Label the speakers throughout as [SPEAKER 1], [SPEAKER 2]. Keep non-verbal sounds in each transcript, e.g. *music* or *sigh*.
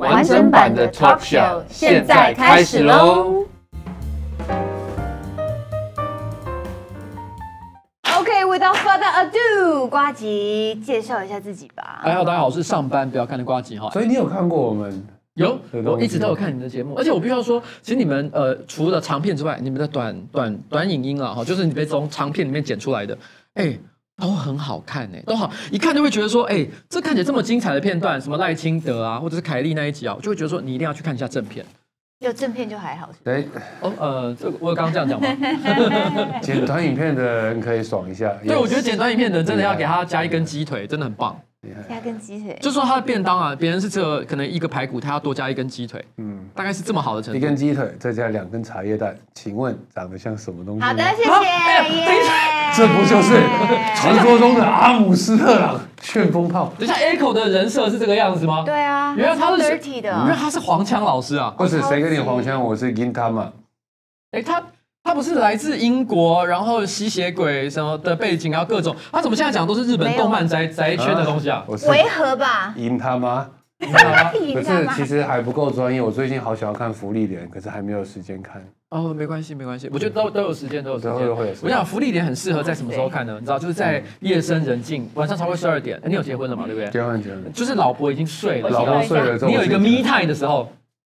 [SPEAKER 1] 完整版的 Talk
[SPEAKER 2] Show 現
[SPEAKER 1] 在開始嘍！OK，without further ado，呱吉，介紹一下自己吧。哎，
[SPEAKER 3] 好，大家好，我是上班、上班不要看的呱吉哈。所以你有看過我們？有，我一直都有看你的節目。而且我必須要說，其實你們呃，除了長片之外，你們的短短短影音啊，哈，就是你們從長片裡面剪出來的，哎。都很好看呢，都好，一看就會覺得說，哎、欸，這看起來這麼精彩的片段，什麼賴清德啊，或者是凱莉那一集啊，就會覺得說，你一定要去看一下正片。有正片就還好是不是？對。哎，哦呃，這個我剛剛這樣
[SPEAKER 1] 講
[SPEAKER 2] 嗎？ *laughs* *laughs* 剪短影片的人可以爽一下。
[SPEAKER 3] 對，我覺得剪短影片的人真的要給他加一根雞腿，真的很棒。加根
[SPEAKER 1] 雞腿，就說他的便
[SPEAKER 3] 當啊，別人是只有可能一個排骨，他
[SPEAKER 2] 要多加一根雞腿，嗯，大概是這麼好的程度。一根雞腿，再加兩根茶葉蛋，請問長得像什麼東西？好的，謝
[SPEAKER 1] 謝。欸、等一下
[SPEAKER 2] 這不就是傳說中的阿姆斯特朗旋、嗯、風炮？等一下，Eko 的人設是這個樣子嗎？對
[SPEAKER 1] 啊，原來他是因為他
[SPEAKER 2] 是黃腔老師啊，不是，誰跟你黃腔？我是銀他媽
[SPEAKER 1] 哎，他
[SPEAKER 3] 他不是來自英國，然後吸血鬼什麼的背景，然後各種，他怎麼現在講都是日本
[SPEAKER 1] 動漫
[SPEAKER 2] 宅宅圈的東西啊？違
[SPEAKER 1] 和吧？
[SPEAKER 2] 銀他媽 *laughs* 可是其實還不夠專業。我最近好想要看《芙莉蓮》，可是還沒有時間看。
[SPEAKER 1] 哦，
[SPEAKER 3] 沒關係，沒關係。我覺得都都有時間，都有時間，時會我想《芙莉蓮》很適合在什麼時候看呢？Oh, okay. 你知道，就是在夜深人靜，oh, okay. 晚上超過十二點，欸。你有結婚了嗎？對不對？結婚結婚，就是老婆已經睡了，老婆睡了，之後，啊，你有一個 me time 的時候。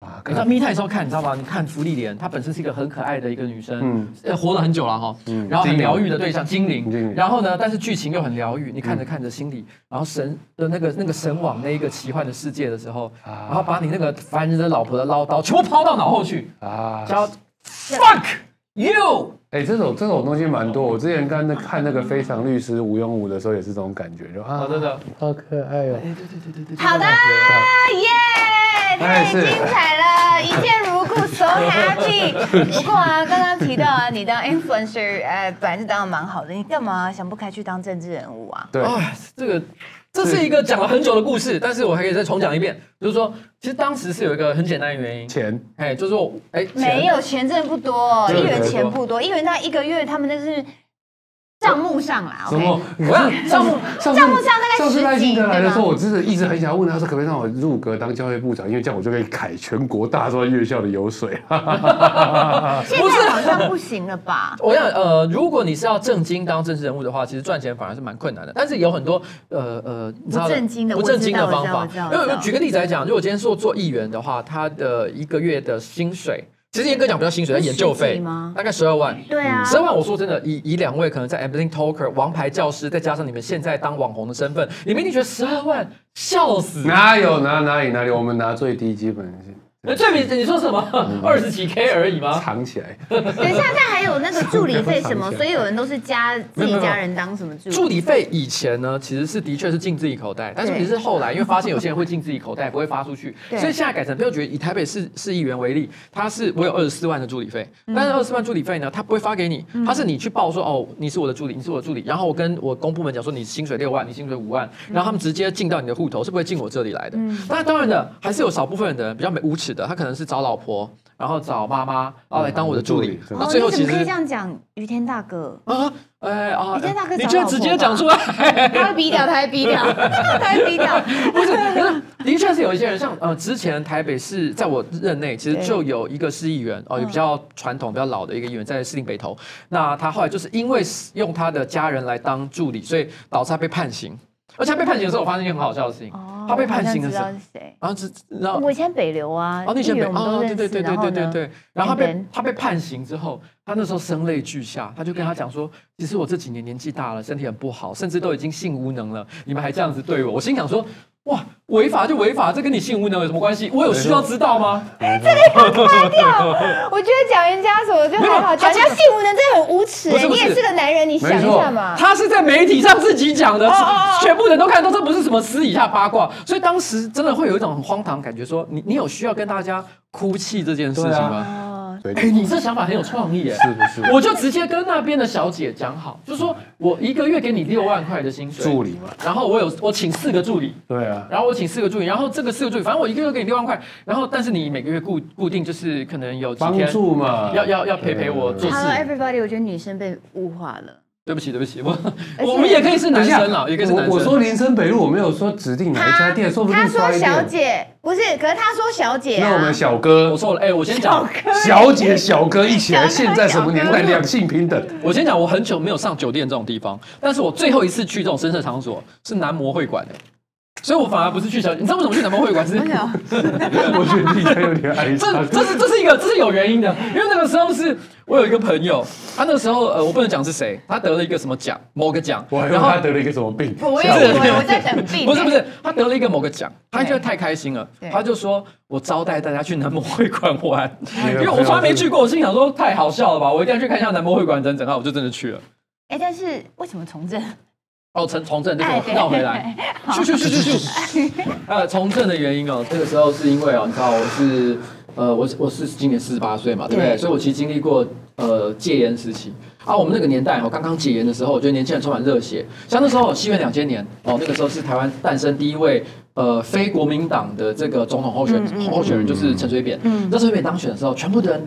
[SPEAKER 3] 啊、你到道迷的時候看，你知道嗎？你看芙莉蓮，她本身是一個很可愛的一個女生，嗯，活了很久了哈，嗯，然後很療癒的對象精靈、嗯，然後呢，但是劇情又很療癒，你看着看着心裡，嗯、然後神的那個那個神往那一個奇幻的世界的時候、啊，然後把你那個煩人的老婆的嘮叨全部拋到腦後去啊叫、yeah.，fuck
[SPEAKER 2] you。哎、欸，這種這種東西蠻多。我之前剛剛那看那個《非常律師禹英禑》的時候，也是這種感覺，就啊，好、哦、的好可愛哦、哎、對，對對對對
[SPEAKER 1] 對，好的好、啊、耶，太、哎、精彩了，一見如故 *laughs* ，so happy。不過啊，剛剛提到啊，你當 influencer 哎、呃，本來是當得蠻好的，你幹嘛想不開去當政治人物啊？對，
[SPEAKER 3] 哦、這個。這是一個講了很久的故事，但是我還可以再重講一遍。就是說，其實當時是有一個很簡單的原因，錢，哎，就是說，哎，沒有
[SPEAKER 1] 錢真的不多，一元錢不多，一元大概一個月他們就是。賬目上啦，我要賬賬賬目上那個？上在金來的時候，我
[SPEAKER 2] 真的一直很想問他，說可不可以讓我入閣當教育部長？因為這樣我就可以揩全國大專院校的油水。哈
[SPEAKER 1] 哈哈哈哈！不是，現在好像不行了吧？我要呃，
[SPEAKER 3] 如果你是要正經當政治人物的話，其實賺錢反而是蠻困難的。但是有很多呃呃，你知道不正經的不正經的方法。我我我因為我舉個例子來講，如果我今天說做議員的話，他的一個月的薪水。其實嚴格講比較薪水，是研究費，大概十二萬。對啊，十二萬，我說真的，以以兩位可能在 Amazing Talker 王牌教師，再加上你們現在當網紅的身份，你們一定覺得十二萬笑死。哪有哪
[SPEAKER 2] 哪裡哪裡？我們拿最低，
[SPEAKER 3] 基本的翠屏，你說什麼？二、嗯、十幾 K 而已嗎？藏起來。等一下，現在還
[SPEAKER 1] 有那個助理費什麼，所 *laughs* 以有人都是加自己家人當什麼助理？助理費
[SPEAKER 3] 以前呢，其實是的確是進自己口袋，但是其實後來因為發現有些人會進自己口袋，不會發出去，所以現在改成不要覺得，以台北市市議員為例，他是我有二十四萬的助理費，嗯、但是二十四萬助理費呢，他不會發給你，嗯、他是你去報說哦，你是我的助理，你是我的助理，然後我跟我公部門講說，你薪水六萬，你薪水五萬，然後他們直接進到你的戶頭，是不會進我這裡來的。那、嗯、當然的，還是有少部分的人比較沒無恥。是的，他可能是找老婆，然後找媽媽，嗯、然後來當我的助理。那最後其實、哦、可以這
[SPEAKER 1] 樣講，余天大哥啊，哎啊，余天大哥，你就直接講出來。他會逼掉，他會逼掉。
[SPEAKER 3] *laughs* 他會逼掉。我的確是有一些人，像呃之前台北市在我任內，其實就有一個市議員哦，也、呃、比較傳統、比較老的一個議員，在士林北投。那他後來就是因為用他的家人來當助理，所以導致他被判刑。而且他被判刑的時候，我發現一件很好笑的事情、哦。他被判刑的時
[SPEAKER 1] 候，然後是，然後我以前北流啊，哦、啊，那些北流、啊啊，對對對對對對對。然後他被
[SPEAKER 3] 他被判刑之後，他那時候聲淚俱下，他就跟他講說：“嗯、其實我這幾年年紀大了，身體很不好，甚至都已經性無能了，你們還這樣子對我。”我心想說。哇，違法就違法，這跟你性無能有什麼關係？我有需要知
[SPEAKER 1] 道嗎？嗯嗯、這個要誇掉、嗯，我覺得講人家真就很好，好講，講人家性無能真的很無恥，欸。你也是個男人，你想，想一下嘛？他
[SPEAKER 3] 是在媒體上自己講的，嗯哦哦、全部人都看到，這不是什麼私底下八卦。所以當時真的會有一種很荒唐的感覺說，說你你有需要跟大家哭泣這件事情嗎？
[SPEAKER 4] 欸、你這
[SPEAKER 3] 想法很有創意耶、欸， *laughs* 是不是？我就直接跟那邊的小姐講好，就是說我一個月給你六萬塊的薪水，助理嘛。然後我有我請四個助理，對啊。然後我請四個助理，然後這個四個助理，反正我一個月給你六萬塊。然後但是你每個月固固定就是可能有幫助嘛，要要要陪陪我做事。Hello
[SPEAKER 1] everybody，我覺得女生被物化了。
[SPEAKER 2] 對不起，對不起，我
[SPEAKER 1] 我們也可以是男生啊。我我說林
[SPEAKER 2] 森北路，我沒有說指定哪一家店，說不定。他說小
[SPEAKER 1] 姐不是，可是他說小姐、啊。那我們
[SPEAKER 2] 小哥，我說，了。哎、欸，我先講，小、小姐小哥一起來小哥小哥。現在什麼年
[SPEAKER 3] 代，兩性平等？我先講，我很久沒有上酒店這種地方，但是我最後一次去這種深色場所是男模會館的。所以我反而不是去小。你知道為什麼去南博會館？是我覺得你家有點 *laughs* 愛這 *laughs* 這是這是一個，這是有原因的。因為那個時候是我有一個朋友，他那個時候呃，我不能講是誰，他得了一個什麼獎，某個獎。我還以為他得了一個什麼病。我也是，我在等病、欸。不是不是，他得了一個某個獎，他覺得太開心了，他就說我招待大家去南博會館玩，因為我從來沒去過，我心想說太好笑了吧，我一定要去看一下南博會館整整，然後我就真的去了。
[SPEAKER 1] 哎、欸，但是為什麼從政？哦，從從政，那個繞回來，去去去去去。咻咻咻咻咻
[SPEAKER 3] *laughs* 呃，從政的原因哦、喔，這、那個時候是因為哦、喔，你知道我是呃，我是我是今年四十八歲嘛，對不對，對？所以我其實經歷過呃戒嚴時期。啊，我們那個年代哦、喔，剛剛解嚴的時候，我覺得年輕人充滿熱血。像那時候西元兩千年哦、喔，那個時候是台灣誕生第一位呃非國民黨的這個總統候選嗯嗯嗯候，候選人，就是陳水扁。嗯，嗯。那陳水扁當選的時候，全部人。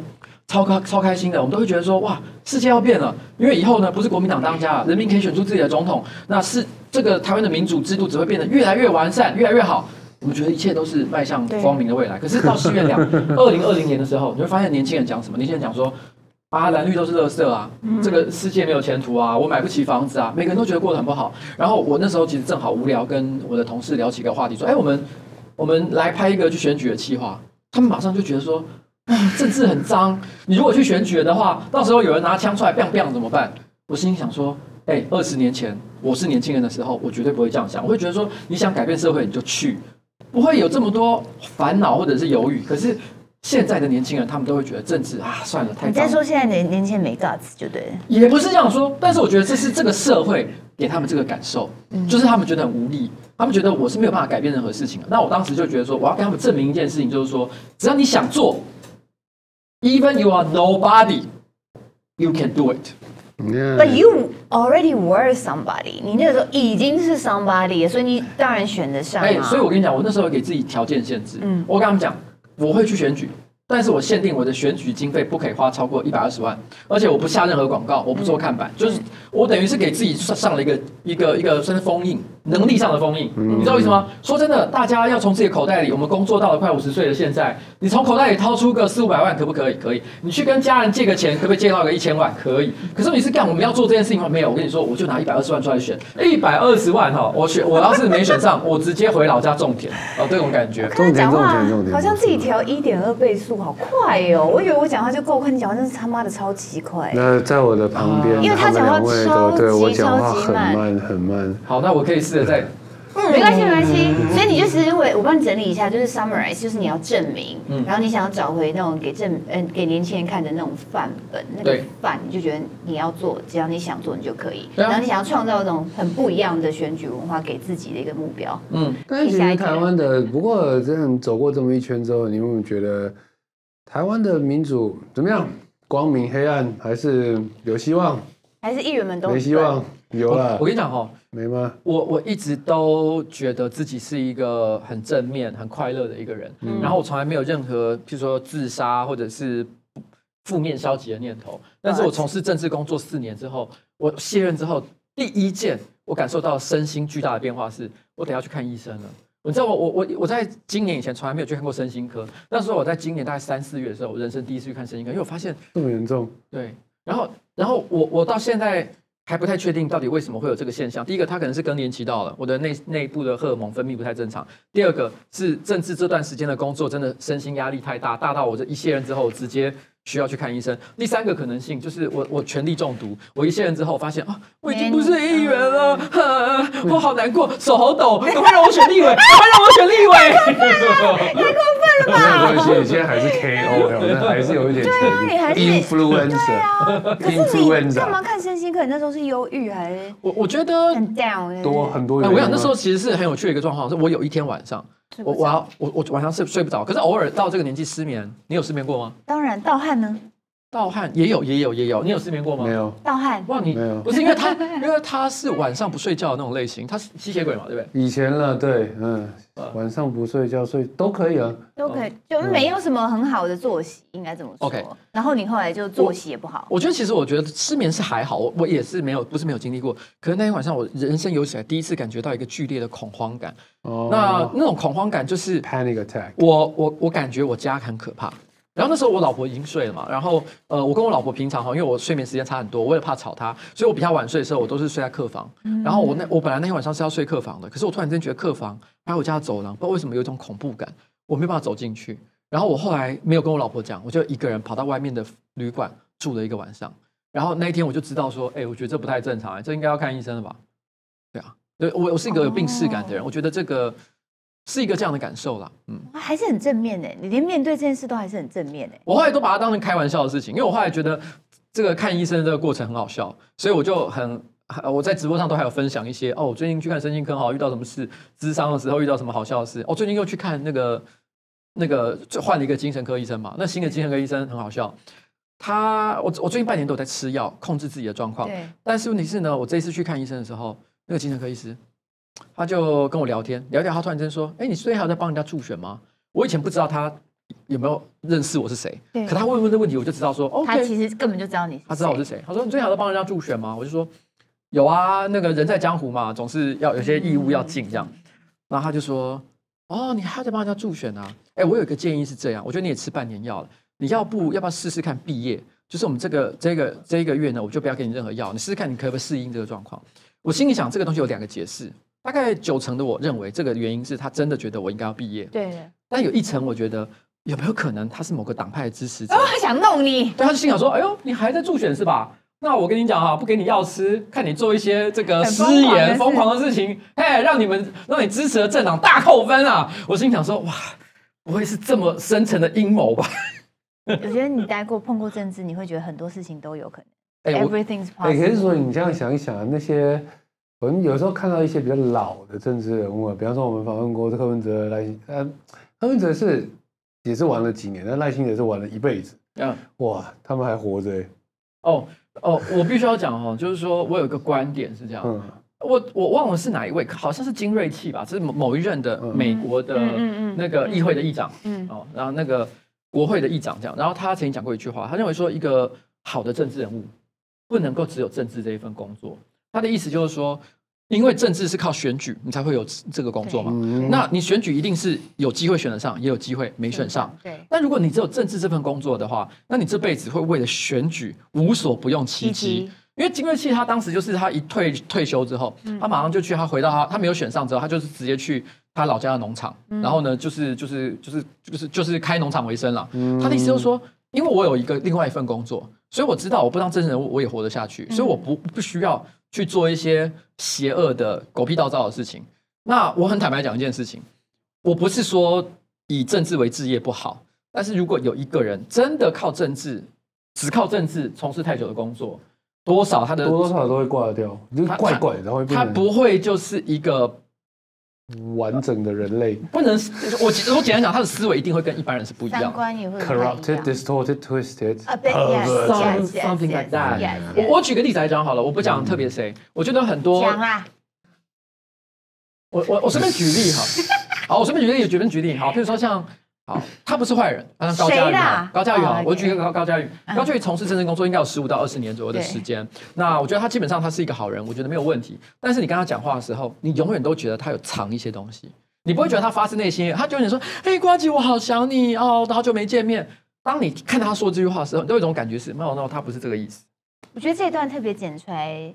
[SPEAKER 3] 超開超開心的，我們都會覺得說：哇，世界要變了！因為以後呢，不是國民黨當家，人民可以選出自己的總統，那是這個台灣的民主制度只會變得越來越完善，越來越好。我們覺得一切都是邁向光明的未來。可是到四月兩二零二零年的時候，你會發現年輕人講什麼？年輕人講說：啊，藍綠都是垃圾啊，嗯嗯，這個世界沒有前途啊，我買不起房子啊，每個人都覺得過得很不好。然後我那時候其實正好無聊，跟我的同事聊起一個話題，說：哎、欸，我們我們來拍一個去選舉的計劃。他們馬上就覺得說。政治很髒，你如果去選舉的話，到時候有人拿槍出來，bang bang，怎麼辦？我心想說，哎、欸，二十年前我是年輕人的時候，我絕對不會這樣想，我會覺得說，你想改變社會你就去，不會有這麼多煩惱或者是猶豫。可是現在的年輕人，他們都會覺得政治啊，算了，太髒。你再說
[SPEAKER 1] 現在年年輕人沒 guts 就對了，也不是這樣
[SPEAKER 3] 說，但是我覺得這是這個社會給他們這個感受、嗯，就是他們覺得很無力，他們覺得我是沒有辦法改變任何事情的。那我當時就覺得說，我要跟他們證明一件事情，就是說，只要你想做。Even you are nobody, you can do it. But you
[SPEAKER 1] already were somebody. 你那個時候已經是 somebody 了，所以你當然選得上啊。哎，hey，所以我跟
[SPEAKER 3] 你講，我那時候給自己條件限制。嗯，我跟他們講，我會去選舉，但是我限定我的選舉經費不可以花超過一百二十萬，而且我不下任何廣告，我不做看板，嗯，就是我等於是給自己上了一個一個一個算是封印。能力上的封印，嗯、你知道我意思嗎、嗯？說真的，大家要從自己口袋裡，我們工作到了快五十歲的現在，你從口袋裡掏出個四五百萬，可不可以？可以。你去跟家人借個錢，可不可以借到個一千萬？可以。可是你是幹我們要做這件事情嗎？沒有。我跟你說，我就拿一百二十萬出來選，一百二十萬哈，我選，我要是沒選上， *laughs* 我直接回老家種田哦，這、呃、種感覺。
[SPEAKER 1] 種田種田、種田。好像自己調一點二倍速，好快哦！我以為我講話就夠快，你講話那是他媽的超級快。那
[SPEAKER 2] 在我的旁邊，啊、因為他講話超級慢，對我講話很慢，慢很慢。好，那我可以。
[SPEAKER 1] 是的嗯，沒關係，沒關係。所以你就是因為我幫你整理一下，就是 summarize，就是你要證明，嗯、然後你想要找回那種給證，嗯、呃，給年輕人看的那種範本，那個範，你就覺得你要做，只要你想做，你就可以、啊。然後你想要創造那種很不一樣的選舉文化，給自己的一個目標。
[SPEAKER 2] 嗯，但是其實台灣的，不過真的走過這麼一圈之後，你有沒有覺得台灣的民主怎麼樣？光明、黑暗，還是有希望？
[SPEAKER 1] 還是議員們都沒希望？
[SPEAKER 2] 有啊，我跟你講哦，沒嗎？我我
[SPEAKER 3] 一直都覺得自己是一個很正面、很快樂的一個人，嗯、然後我從來沒有任何，譬如說自殺或者是負面、消極的念頭。但是我從事政治工作四年之後，我卸任之後，第一件我感受到身心巨大的變化是，我得要去看醫生了。你知道我，我，我我在今年以前從來沒有去看過身心科，那時候我在今年大概三四月的時候，我人生第一次去看身心科，因為我發現
[SPEAKER 2] 這麼嚴重。對，
[SPEAKER 3] 然後，然後我，我到現在。還不太確定到底為什麼會有這個現象。第一個，他可能是更年期到了，我的內內部的荷爾蒙分泌不太正常。第二個是政治這段時間的工作真的身心壓力太大，大到我這一卸任之後直接需要去看醫生。第三個可能性就是我我權力中毒，我一卸任之後發現啊，我已經不是議員了，啊，我好難過，手好抖，趕快讓我選立委，趕快讓我選立委， *laughs* 太過分了，
[SPEAKER 2] 太過分了吧？沒有關係，你現在還是 KOL，那還是有一點權利。influencer，influencer
[SPEAKER 1] 可你可能那時候是憂鬱還是我？我覺得很，down, 對對多很多很多，啊哎。我想那時候
[SPEAKER 3] 其實是很有趣的一個狀況，是我有一天晚上，我我我晚上是睡，睡不着，可是偶爾到這個年紀失眠，你有失眠過嗎？
[SPEAKER 1] 當然，盜汗呢？盜汗也有，
[SPEAKER 3] 也有，也有。你有失
[SPEAKER 2] 眠過嗎？沒有。
[SPEAKER 1] 盜汗？
[SPEAKER 3] 哇，你
[SPEAKER 2] 沒有？
[SPEAKER 1] 不是因為他，
[SPEAKER 3] 因為他是晚上不睡覺的那種類型。他是吸
[SPEAKER 2] 血鬼嘛，對不對？以前了，對，嗯，晚上不睡覺，睡都可以啊，都可以，
[SPEAKER 1] 就沒有什麼很好的作息，應該這麼說。嗯。然後你後來就作息也不好我？我
[SPEAKER 2] 覺得其實我
[SPEAKER 3] 覺得失眠是還好，我我也是沒有，不是沒有經歷過。可是那天晚上我人生有史以來第一次感覺到一個劇烈的恐慌感。哦、那、哦、那種恐慌感就是 panic attack 我。我我我感覺我家很可怕。然後那時候我老婆已經睡了嘛，然後呃，我跟我老婆平常哈，因為我睡眠時間差很多，我也怕吵她，所以我比她晚睡的時候，我都是睡在客房。嗯、然後我那我本來那天晚上是要睡客房的，可是我突然間覺得客房還有我家的走廊，不知道為什麼有一種恐怖感，我沒辦法走進去。然後我後來沒有跟我老婆講，我就一個人跑到外面的旅館住了一個晚上。然後那一天我就知道說，哎、欸，我覺得這不太正常，這應該要看醫生了吧？對啊，對我我是一個有病識感的人、哦，我覺得這個。是一個這樣的感受啦，嗯，
[SPEAKER 1] 還是很正面耶。你連面對這件事都還是很正面耶。
[SPEAKER 3] 我後來都把它當成開玩笑的事情，因為我後來覺得這個看醫生的這個過程很好笑，所以我就很，我在直播上都還有分享一些哦，我最近去看身心科好，好遇到什麼事，諮商的時候遇到什麼好笑的事。哦，最近又去看那個那個就換了一個精神科醫生嘛，那新的精神科醫生很好笑。他我我最近半年都在吃藥控制自己的狀況，對。但是問題是呢，我這一次去看醫生的時候，那個精神科醫師。他就跟我聊天，聊天，他突然間說：“哎、欸，你最好在幫人家助選嗎？”我以前不知道他有沒有認識我是誰，對，可他會問這個問題，我就知道說，他其
[SPEAKER 1] 實根本就知道你。他知道我是
[SPEAKER 3] 誰。他說：“你最好在幫人家助選嗎？”我就說：“有啊，那個人在江湖嘛，總是要有些義務要盡這樣。嗯嗯”然後他就說：“哦，你還要再幫人家助選啊？哎、欸，我有一個建議是這樣，我覺得你也吃半年藥了，你要不要不要試試看畢業？就是我們這個這個這一個月呢，我就不要給你任何藥，你試試看你可不可以適應這個狀況。”我心裡想，這個東西有兩個解釋。大概九成的我認為這個原因是他真的覺得我應該要畢業。
[SPEAKER 1] 對。但有一
[SPEAKER 3] 成我覺得有沒有可能他是某個黨派的支持者？哦，他
[SPEAKER 1] 想弄你。對，他就心想說：“哎呦，
[SPEAKER 3] 你還在助選是吧？那我跟你講哈，不給你藥吃，看你做一些這個失言瘋狂、欸、瘋狂的事情，嘿，讓你們讓你支持的政黨大扣分啊！”我心想說：“哇，不會是這麼
[SPEAKER 2] 深層的陰謀吧？”
[SPEAKER 3] *laughs*
[SPEAKER 1] 我覺得你待過碰過政治，你會覺得很多事情都有可能。欸、Everything's possible、欸、也可以說，你
[SPEAKER 2] 這樣想一想，嗯、那些。我們有時候看到一些比較老的政治人物，比方說我們訪問過柯文哲、賴呃柯文哲是也是玩了幾年，但賴清德也是玩了一輩子。嗯、哇，他們還活着、欸？哦
[SPEAKER 3] 哦，我必須要講哦， *laughs* 就是說我有一個觀點是這樣，嗯、我我忘了是哪一位，好像是金瑞契吧，這是某某一任的美國的那個議會的議長，哦、嗯，然後那個國會的議長這樣，然後他曾經講過一句話，他認為說一個好的政治人物不能夠只有政治這一份工作。他的意思就是說，因為政治是靠選舉，你才會有這個工作嘛。那你選舉一定是有機會選得上，也有機會沒選上。對。但如果你只有政治這份工作的話，那你這輩子會為了選舉無所不用其極。因為金瑞奇他當時就是他一退退休之後、嗯，他馬上就去，他回到他他沒有選上之後，他就是直接去他老家的農場、嗯。然後呢，就是就是就是就是就是開農場為生了、嗯。他的意思就是說，因為我有一個另外一份工作，所以我知道我不當真人我也活得下去，所以我不不需要。去做一些邪惡的狗屁倒灶的事情。那我很坦白講一件事情，我不是說以政治為職業不好，但是如果有一個人真的靠政治，只靠政治從事太久的工作，
[SPEAKER 2] 多少他的多多少少都會掛掉，就怪怪的他，他，他不會就是一個。完整的人類不能，
[SPEAKER 1] 我我簡單講，他
[SPEAKER 2] 的思維一定會跟一般人是不一樣。
[SPEAKER 1] 三觀也會不一樣。Corrupted,
[SPEAKER 2] distorted, twisted.、Oh, uh, something yes something bit、yes, like that yes, yes,
[SPEAKER 1] yes. 我,
[SPEAKER 3] 我舉個例子來講好了，我不講特別誰，我覺得很多。講、嗯、啦。我我我隨便舉例哈。好，我隨便舉例也隨便舉例，好，比如說像。他不是壞人，高嘉瑜啊。高嘉瑜啊！Oh, okay. 我舉個高高嘉瑜，高嘉瑜、uh -huh. 從事真正工作應該有十五到二十年左右的時間。那我覺得他基本上他是一個好人，我覺得沒有問題。但是你跟他講話的時候，你永遠都覺得他有藏一些東西，你不會覺得他發自內心、嗯。他就會覺得你說：“哎，呱吉，我好想你哦，都好久沒見面。”當你看到他說這句話的時候，你都有一種感覺是：no no，他不是這個意思。
[SPEAKER 1] 我覺得這段特別剪出來。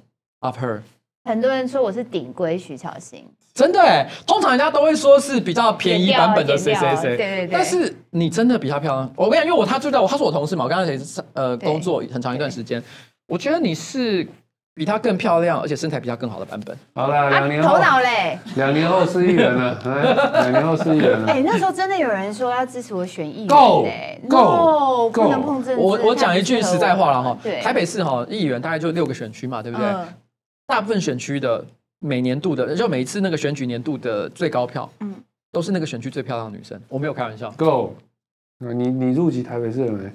[SPEAKER 1] of her 很多人說我是頂規徐巧芯，
[SPEAKER 3] 真的哎。通常人家都會說是比較便宜版本的誰誰誰，對對對。但是你真的比她漂亮，我跟你講，因為我她知道我，她是我同事嘛。我剛剛也是呃工作很長一段時間，我覺得你是比她更漂亮，而且身材比她更好的版本。
[SPEAKER 2] 好了，兩年後頭腦嘞，兩、啊、年後是議員了，兩、 *laughs* 哎、年後是議員了。
[SPEAKER 1] 哎、 *laughs* 欸，那時候真的有人說要支持我選議員夠夠夠，go, go, go. No, 能我我講一句實在話
[SPEAKER 3] 了哈、啊，台北市哈，議員大概就六個選區嘛，對不對？嗯大部分選區的每年度的，就每一次那個選舉年度的最高票，嗯、都是那個選區最漂亮的女生。我沒有開玩笑。Go，
[SPEAKER 2] 你你入籍台北市了沒？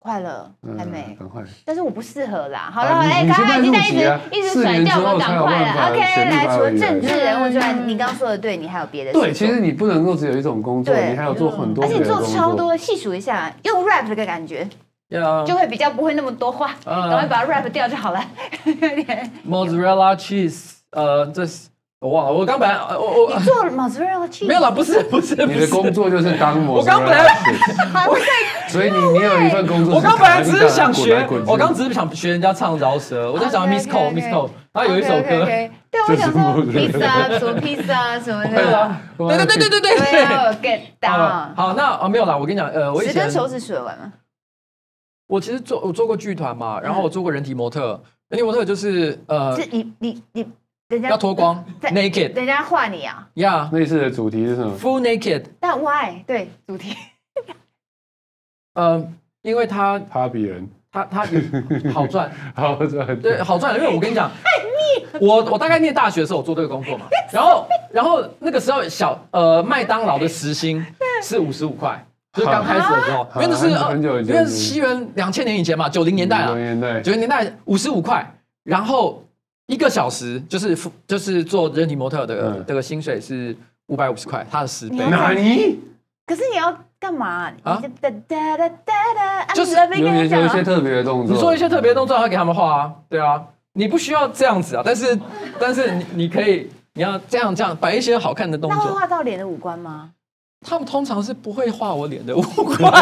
[SPEAKER 1] 快了、嗯，
[SPEAKER 2] 還沒，趕
[SPEAKER 1] 快。但是我不適合啦。好了好了、啊，你現、欸啊、在一直待職啊，四年之後趕快了。OK，來，來，除了政治人物之外，嗯、你剛剛說的對你還有別的？對，其實
[SPEAKER 2] 你不能夠只有一種工作，你還要做很多、嗯，而且你做超多。
[SPEAKER 1] 細數一下，用 rap 的感覺。Yeah. 就會比較不會那麼多話，等、uh, 趕快把 rap 掉就好了。
[SPEAKER 3] Uh, *laughs* mozzarella cheese，呃，這哇，我剛,
[SPEAKER 2] 剛本來我我你做 mozzarella
[SPEAKER 1] cheese 沒有啦，不是,不是,
[SPEAKER 2] 不,是,不,是不是，你的工作就是當我。 *laughs* 我剛本來我在， *laughs* 所以你 *laughs* 你有一份工作。 *laughs* 我剛,剛本來只是想學，滾滾我剛,剛只是
[SPEAKER 3] 想學人家唱饒舌，我在講 Miss Cole，Miss Cole，他有一首歌，對，我想說披薩什麼披薩什麼的，對對對對對對對
[SPEAKER 1] ，get 到。好，那
[SPEAKER 3] 啊沒有啦，我跟你講，呃，我一根手指
[SPEAKER 1] 數完嗎？
[SPEAKER 3] 我其實做我做過劇團嘛，然後我做過人體模特。人體模特，嗯，就是呃，是
[SPEAKER 1] 你你你人、naked，人家要脫光，naked，人家畫你啊。
[SPEAKER 2] 呀，那次的主題是什麼？Full naked。
[SPEAKER 1] 但 Why？對主題。
[SPEAKER 2] 呃，因為他他比人他他
[SPEAKER 3] 好賺， *laughs* 好賺，對，好賺。因為我跟你講 *laughs* 、
[SPEAKER 4] 哎，我我大概
[SPEAKER 3] 念大學的時候我做這個工作嘛， *laughs* 然後然後那個時候小呃麥當勞的時薪是五十五塊。
[SPEAKER 2] 就剛、是、開始的時候，因為那是很久以前，因為是西
[SPEAKER 3] 元兩千年以前嘛，九零年代了、啊。九零年代，九零年代五十五塊，然後一個小時就是就是做人體模特的、嗯、這個薪水是五百五十塊，他的十倍。哪裡？
[SPEAKER 1] 可是你要幹嘛啊就、呃呃呃呃？就是你有，有一些特別的
[SPEAKER 3] 動作，你做一些特別的動作，要給他們畫啊？對啊，你不需要這樣子啊，但是 *laughs* 但是你你可以你要這樣這樣擺一些好看的動作，那
[SPEAKER 1] 畫到臉的五官嗎？他們通常是不會畫我
[SPEAKER 3] 臉的五官，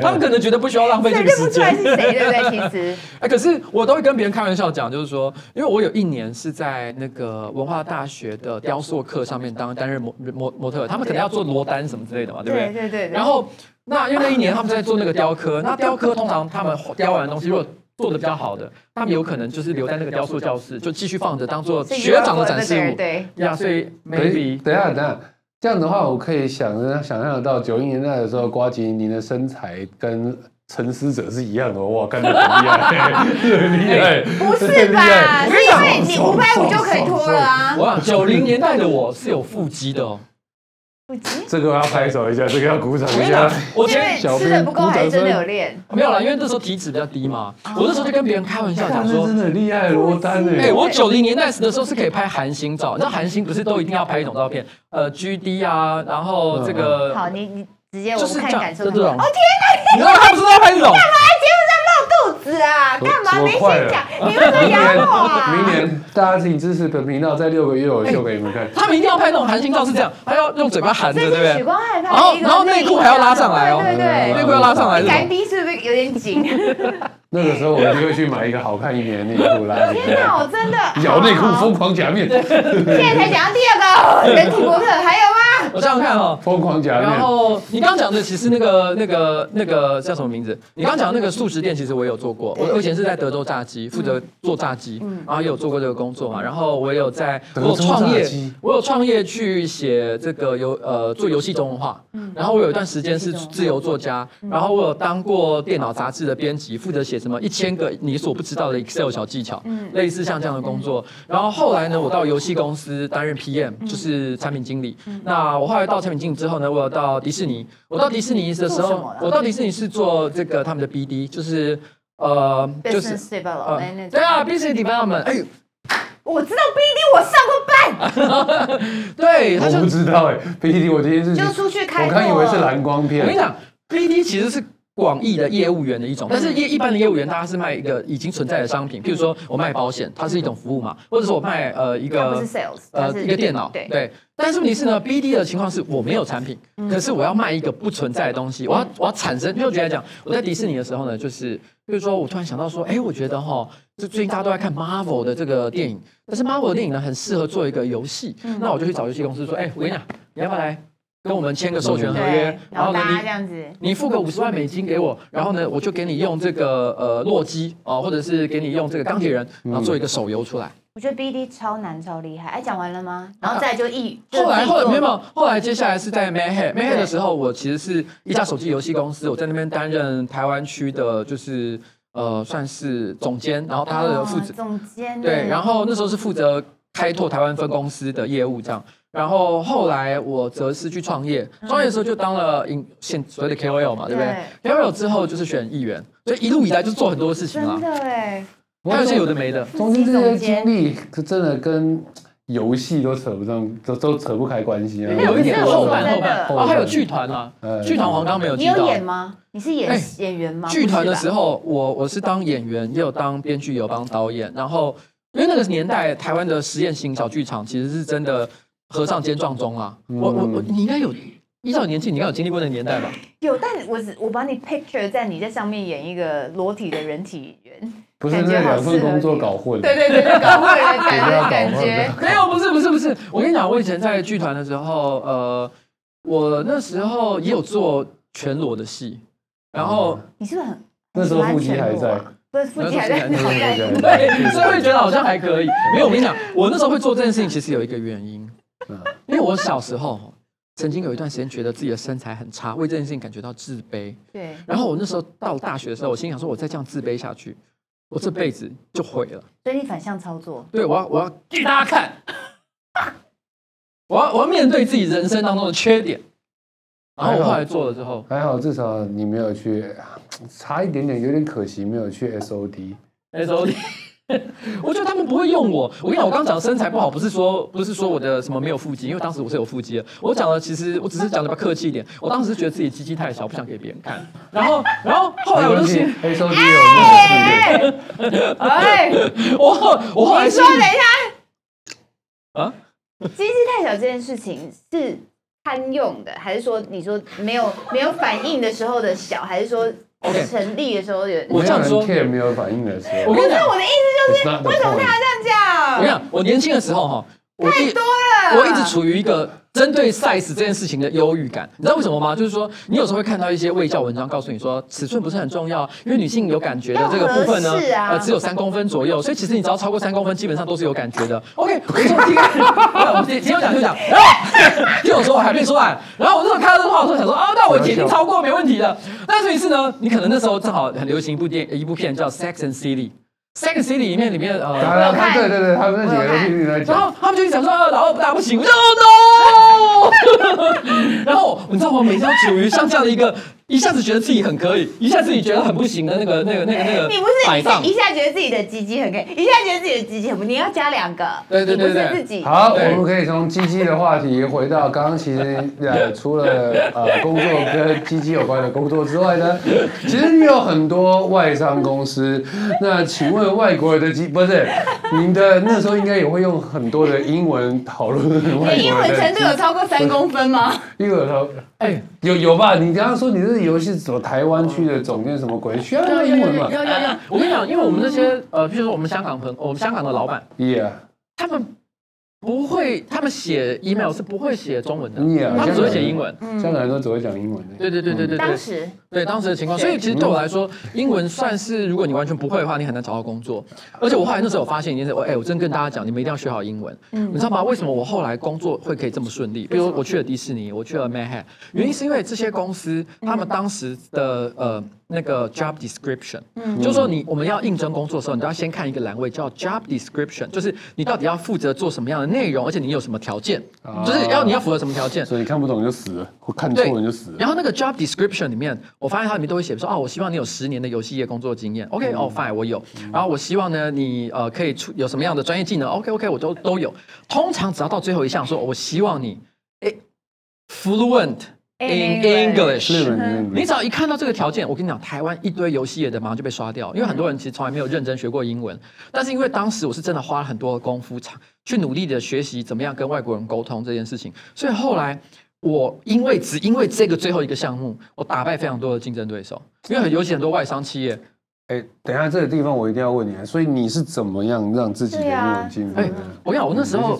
[SPEAKER 3] 他們可能覺得不需要浪費這個時間， *laughs* 認不出來是誰，對不對？其實，欸、可是我都會跟別人開玩笑講，就是說，因為我有一年是在那個文化大學的雕塑課上面當擔任模課課擔任模模特，他們可能要做羅丹什麼之類的嘛，對不對？對對，對。然後，
[SPEAKER 4] 那因為那一年他們在做那個雕刻，那雕刻通常
[SPEAKER 3] 他們雕完的東西，如果做的比較好的，他們有可能就是留在那個雕塑教室，就繼續放着當做學長的展示物，對、啊。所以，baby，、欸、等
[SPEAKER 2] 啊等。對對對對對。這樣的話，我可以想想象得到九零年代的時候，呱吉您的身材跟沉思者，是一樣的，哇，感覺不一樣，不是吧？因為你五百五就可以脫了。哇，九零年代的我是有腹肌的哦。 *laughs* 這個我要拍手一下，這個要鼓掌
[SPEAKER 3] 一下。我，我小因為吃的不夠，還是真的有練？沒有啦，因為那時候體脂比較低嘛。哦、我那時候就跟別
[SPEAKER 1] 人開玩笑，講、哦、說：“真的很
[SPEAKER 3] 厲害，羅丹、欸、哎，我九零年代時的時候是可以拍韓星照，那韓星不是都一定要拍一種照片，呃，G D 啊，然後這個……嗯嗯
[SPEAKER 1] 好，你你直接我太感受太、就是、這種。哦天哪，你知道他不是要拍這種？是啊！干嘛沒先講？你們壓迫啊！明年，明年
[SPEAKER 2] 大家請支持本頻道，在六個月我秀給你們看、欸。他
[SPEAKER 1] 們一定要拍那種含金照，是這樣，
[SPEAKER 2] 還要用嘴巴含着，對不對？
[SPEAKER 1] 然後，然後內褲還要拉上來、哦，對對對，內褲要拉上來。第一次是不是有點緊？ *laughs*
[SPEAKER 2] 那個時候我們就會去買一個好看一點的內褲啦。 *laughs* 天吶，我真的咬內褲瘋狂假面， *laughs* 現在才講到第二個人體模特，還有嗎？我這樣看哦，瘋狂假面。然
[SPEAKER 1] 後你剛講的
[SPEAKER 3] 其實那個那個那個、那個、叫什麼名字？那個、你剛講的那個素食店，其實我也有做過我有。我以前是在德州炸雞、嗯、負責做炸雞、嗯，然後也有做過這個工作嘛。然後我有在我有創業，我有創業去寫這個遊呃做遊戲中文化、嗯、然後我有一段時間是自由作家、嗯，然後我有當過電腦雜誌的編輯，嗯、負責寫。什麼一千個你所不知道的 Excel 小技巧，嗯、類似像這樣的工作。嗯嗯、然後後來呢，嗯、我到遊戲公司擔、嗯、任 PM，、嗯、就是產品經理。嗯、那我後來到產品經理之後呢，我到迪士尼。我到迪士尼的時候，我到迪士尼是做這個他們的 BD，就是呃，Business、就是
[SPEAKER 1] 對、嗯呃、啊，Business Development 哎，我知道 BD，我上過班。
[SPEAKER 2] *laughs* 對、嗯嗯他就，我不知道哎、欸啊、，BD，我今天是就出去開，我剛以為、嗯、是藍光片。我
[SPEAKER 3] 跟你講，BD 其實是。廣義的業務員的一種，但是一一般的業務員，大家是賣一個已經存在的商品，譬如說我賣保險，它是一種服務嘛，或者說我賣呃一個 Sales，呃一個電腦，對，對但是問題是呢，BD 的情況是我沒有產品、嗯，可是我要賣一個不存在的東西，我要我要產生。嗯、就直接來講，我在迪士尼的時候呢，就是譬如說我突然想到說，哎、欸，我覺得哈，就最近大家都在看 Marvel 的這個電影，但是 Marvel 的電影呢很適合做一個遊戲、嗯，那我就去找遊戲公司說，哎、欸，我跟你講，你要不要來？跟我們簽個授權合約，然後呢，這樣子
[SPEAKER 1] 你你付個五十萬美金給我，然
[SPEAKER 3] 後呢，我就給你用這個呃洛基啊、呃，或者是給你用這個鋼鐵人，然後做一個手遊出來。
[SPEAKER 1] 我覺得 BD 超難超厲害。哎、啊，講完了嗎？然後再就一、啊、就一後來後來沒有，後來接下來是在 Mayhead Mayhead
[SPEAKER 3] 的時候，我其實是一家手機遊戲公司，我在那邊擔任台灣區的，就是呃算是總監，然後他的副職、啊、
[SPEAKER 4] 總監，對，然後那時候是負責
[SPEAKER 3] 開拓台灣分公司的業務，這樣。然後後來我則是去創業，嗯，創業的時候就當了影，現所謂的 K O L 嘛，對不對？K O L 之後就是選議員，所以一路以來就做很多事情啊。對，
[SPEAKER 2] 還有些有的沒的，中間這些經歷，真的跟遊戲都扯不上，都都扯不開關係啊。那有、嗯、有一點後半後半啊，還有劇團啊，嗯、劇團黃剛剛沒有？你有演
[SPEAKER 1] 嗎？你是演演員嗎？欸？劇團的時候
[SPEAKER 2] 我，我我是當演員，也有當
[SPEAKER 3] 編劇，也有當也有幫導演。然後因為那個年代，台灣的實驗型小劇場其實是真的。和尚兼撞鐘啊！嗯、我我我，你應該有依照年紀，你應該有經歷過那個年代吧？
[SPEAKER 1] 有，但我只我把你 picture 在你在上面演一個裸體的人體人，
[SPEAKER 2] 不是那兩份工作搞混？對對對， *laughs* 搞混了，感覺 *laughs* 沒有？不是不是不
[SPEAKER 1] 是！
[SPEAKER 3] 我跟你講，我以前在劇團的時候，呃，我那時候也有做全裸的戲，然後、嗯
[SPEAKER 1] 啊、你是不是很、啊、那時候腹肌還在？不是腹肌還,還在？對 *laughs* 對對，所以會覺得好像還可以。 *laughs* 沒有，我跟你講，我那時候會
[SPEAKER 3] 做這件事情，其實有一個原因。嗯，因為我小時候曾經有一段時間覺得自己的身材很差，為這件事情感覺到自卑。
[SPEAKER 1] 對，然後
[SPEAKER 3] 我那時候到大學的時候，我心裡想說，我再這樣自卑下去，我，我這輩子就毀了。
[SPEAKER 1] 對，你反向操作，
[SPEAKER 3] 對我，我要，我要
[SPEAKER 1] 給大家看， *laughs* 我要我要面對自己人生當
[SPEAKER 3] 中的缺點。
[SPEAKER 1] 然後我後來做了
[SPEAKER 3] 之
[SPEAKER 2] 後，還好。至少你沒有去。差一點點，有點可惜，沒有去 SOD，SOD。
[SPEAKER 3] SOD 我覺得他們不會
[SPEAKER 2] 用我。我跟你講，我剛講的身材不好，不是說不是說我的
[SPEAKER 3] 什麼沒有腹肌，因為當時我是有腹肌的。我講了，其實我只是講的比較客氣一點。我當時覺得自己雞雞太小，不想給別人看。
[SPEAKER 4] 然後，然後後來我就說：“嘿、
[SPEAKER 3] 欸，收你有那個哎，我後我後你說等一下啊，雞雞太小這件事情是堪用的，還是
[SPEAKER 1] 說
[SPEAKER 4] 你
[SPEAKER 1] 說沒有沒有反應的時候的小，還是說？我成立的時候，我這樣
[SPEAKER 2] 說，沒有反應的時候。我
[SPEAKER 1] 跟你說，我的意思，就是為什麼他這樣叫？我跟你講，我年輕的時候哈。我太多了，我一直處
[SPEAKER 3] 於一個針對 size 這件事情的憂鬱感。你知道為什麼嗎？就是說，你有時候會看到一些衛教文章，告訴你說尺寸不是很重要，因為女性有感覺的這個部分呢，有分呢啊呃、只有三公分左右，所以其實你只要超過三公分，基本上都是有感覺的。啊、
[SPEAKER 4] OK，我說聽講就講，
[SPEAKER 3] 聽我說我還沒說完，然後我那時候看到這個話，我就想說啊，那我已經超過沒問題的。但是一是呢，你可能那時候正好很流行一部電一部片叫《Sex and City》。三個 city 裡面，裡面呃對，對對對，他們那幾個兄弟在講，然後，他們就一直講說，老二不打不行，no
[SPEAKER 1] no， *laughs*
[SPEAKER 3] *laughs* 然後你知道嗎？每一條九魚上架了一個。一下子覺得自己很可以，一下子你覺得很不行的那
[SPEAKER 1] 個、那個、那個、那個。那個、你不是一下，一下覺得自己
[SPEAKER 2] 的雞雞很可以，一下覺得自己的雞雞很，不。你要加兩個。對對對對，自己。好，我們可以從雞雞的話題回到剛剛。其實、 *laughs* 呃、除了呃工作跟雞雞有關的工作之外呢， *laughs* 其實你有很多外商公司。 *laughs* 那請問外國人的雞不是？您的那時候應該也會用很多的英文討論。你英文程度有超過三公
[SPEAKER 1] 分嗎？
[SPEAKER 2] 英文有超。哎，有有吧？你剛剛說你這個遊戲走台灣區的總監，什麼鬼？需要要英文嗎？要要要！我跟
[SPEAKER 1] 你講，因為我們這些
[SPEAKER 2] 呃，譬如說我們香港朋，我們香港的老板，
[SPEAKER 3] 他、嗯、們。Yeah. 不會，他們寫 email 是不會寫中文的，yeah, 他們只會寫英文。相對來
[SPEAKER 2] 說，來都只會講英文、嗯。
[SPEAKER 3] 對對對對對，對。當時。對當時的情況，所以其實對我來說，英文算是如果你完全不會的話，你很難找到工作。 *laughs* 而且我後來那時候我發現一件事，我、欸、哎，我真跟大家講，你們一定要學好英文。嗯。你知道嗎？為什麼我後來工作會可以這麼順利？比如我去了迪士尼，我去了 Manhattan，原因是因為這些公司他們當時的呃那個 job description，嗯、就是說你我們要應徵工作的時候，你都要先看一個欄位叫 job description，就是你到底要負責做什麼樣的。內容，而且你有什麼條件、嗯，就是要你要符合什麼條件？所以你看不懂就死或、嗯、看錯人就死了。然後那個 job description 裡面，我發現它裡面都會寫說，哦、啊，我希望你有十年的遊戲業工作經驗。OK，OK，、okay, 嗯哦、fine、我有、嗯。然後我希望呢，你呃可以出有什麼樣的專業技能。OK，OK，、okay, okay, 我都都有。通常只要到最後一項，說我希望你、欸、，fluent in English。你只要一看到這個條件，我跟你講，台灣一堆遊戲業的馬上就被刷掉，因為很多人其實從來沒有認真學過英文、嗯。但是因為當時我是真的花了很多功夫長。去努力的學習怎麼樣跟外國人溝通這件事情，所以後來我因為只因為這個最後一個項目，我打敗非常多的競爭對手，因為很尤其很多外商企業、
[SPEAKER 2] 欸。哎，等一下這個地方我一定要問你，所以你是怎麼樣讓自己的英文進步的？欸，我跟你講，我那時候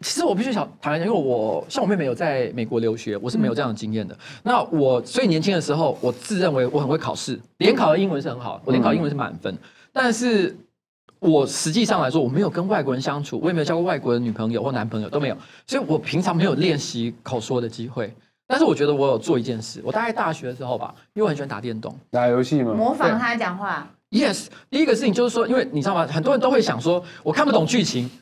[SPEAKER 2] 其
[SPEAKER 3] 實我必須想談一下，因為我像我妹妹有在美國留學，我是沒有這樣的經驗的、嗯。那我所以年輕的時候，我自認為我很會考試，聯考的英文是很好，我聯考英文是滿分、嗯，但是。我實際上來說，我沒有跟外國人相處，我也沒有交過外國的女朋友或男朋友，都沒有，所以我平常沒有練習口說的機會。但是我覺得我有做一件事，我大概大學的時候吧，因為我很喜歡打電動、打遊戲嘛，模仿他講話。Yes，第一個事情就
[SPEAKER 2] 是說，因為你知道嗎？很多人都會想說，我看不懂劇情。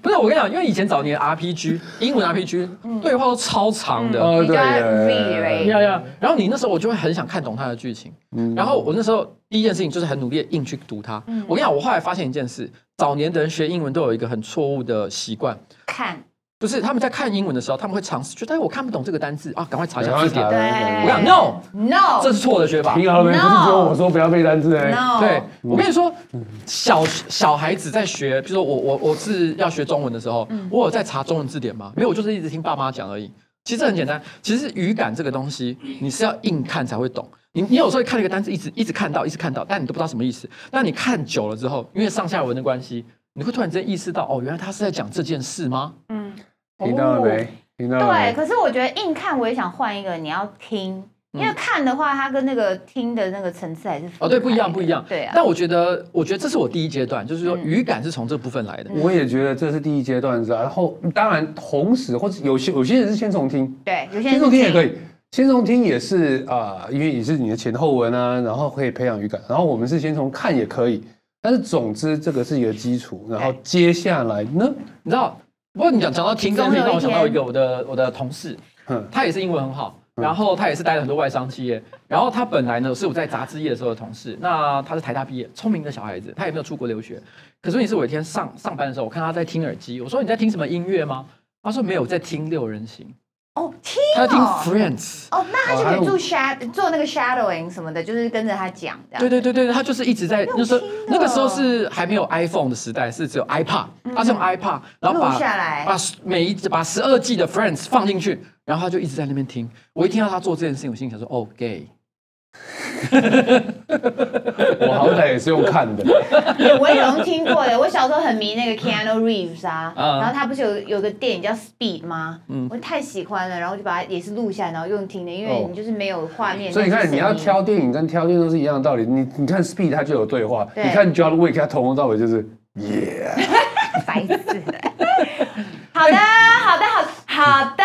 [SPEAKER 3] 不是我跟你講，因為以前早年的 RPG 英文 RPG、嗯、對話都超長的，嗯、對，較對。要、嗯、要，然後你那時候我就會很想看懂他的劇情、嗯。然後我那時候第一件事情就是很努力硬去讀它、嗯。我跟你講，我後來發現一件事，早年的人學英文都有一個很錯誤的習慣，
[SPEAKER 1] 看。不是他們
[SPEAKER 3] 在看英文的時候，他們會嘗試覺得哎，我看不懂這個單字啊，趕快查一下字典。我講 no
[SPEAKER 1] no，這是錯的學法。聽好了沒？不、no! 是說我
[SPEAKER 2] 說不要
[SPEAKER 3] 背單字哎、欸。No! 對，我跟你說，嗯、小小孩子在學，比如說我我我是要學中文的時候、嗯，我有在查中文字典嗎？沒有，我就是一直聽爸媽講而已。其實很簡單，其實語感這個東西，你是要硬看才會懂。你你有時候看那個單字，一直一直看到，一直看到，但你都不知道什麼意思。那你看久了之後，因為上下文的關係。你會突然間意識到，哦，原來他是在講這件事嗎？嗯，
[SPEAKER 1] 聽到了沒？
[SPEAKER 3] 聽到了。對，可
[SPEAKER 1] 是我覺得硬看，我也想換一個。你要聽、嗯，因為看的話，它跟那個聽的那個層次還是哦，對，不一樣，不一樣。對啊。但
[SPEAKER 3] 我覺得，我覺得這是我第一階段，就是說、嗯、語感是從這部分來
[SPEAKER 2] 的。我也覺得這是第一階段、啊，然後當然，同時或者有些有些人是先從聽，對，
[SPEAKER 4] 有些人聽
[SPEAKER 3] 先
[SPEAKER 2] 從聽也可以，先從聽也是啊、呃，因為也是你的前後文啊，然後可以培養語感。然後我們是先從看也可以。但是總之，這個是一個基礎。然後接下來呢？嗯、你知道，不過你講講到聽歌，讓我想到一個
[SPEAKER 3] 我的我的同事，嗯，他也是英文很好，然後他也是待了很多外商企業，嗯、然後他本來呢是我在雜志業的時候的同事。那他是台大畢業，聰明的小孩子，他也沒有出國留學。可是問題是我一天上上班的時候，我看他在聽耳機，我說你在聽什麼音樂嗎？他說沒有，在聽六人行。
[SPEAKER 1] Oh, 哦，聽，他聽 Friends，
[SPEAKER 3] 哦、oh,，那他就可以做
[SPEAKER 1] shadow，oh, 做那個 shadowing 什麼的，就是跟着他講這樣的，對對
[SPEAKER 3] 對對，他就是一直在，就是那那個時候是還沒有 iPhone 的時代，是只有 iPod，嗯、他是用 iPod，然後把下來把每一把十二 G 的 Friends 放進去，然後他就一直在那邊聽。我一聽到他做這件事情，我心裡想說，哦、oh,，gay。
[SPEAKER 2] *laughs* 我好歹也是用看的。 *laughs* 我
[SPEAKER 1] 也有用聽過的。我小時候很迷那個 Keanu Reeves 啊，然後他不是有有個電影叫 Speed 嗎？嗯、我太喜歡了，然後就把它也是錄下來，然後用聽的。因為你就是沒有畫面，哦，所以你看你要挑
[SPEAKER 2] 電影跟挑電影都是一樣的道理。你你看 Speed 它就有對話，對你看 John Wick 他從頭到尾就是 Yeah， *laughs* 白色的
[SPEAKER 1] *laughs* 好的，好的，好好的。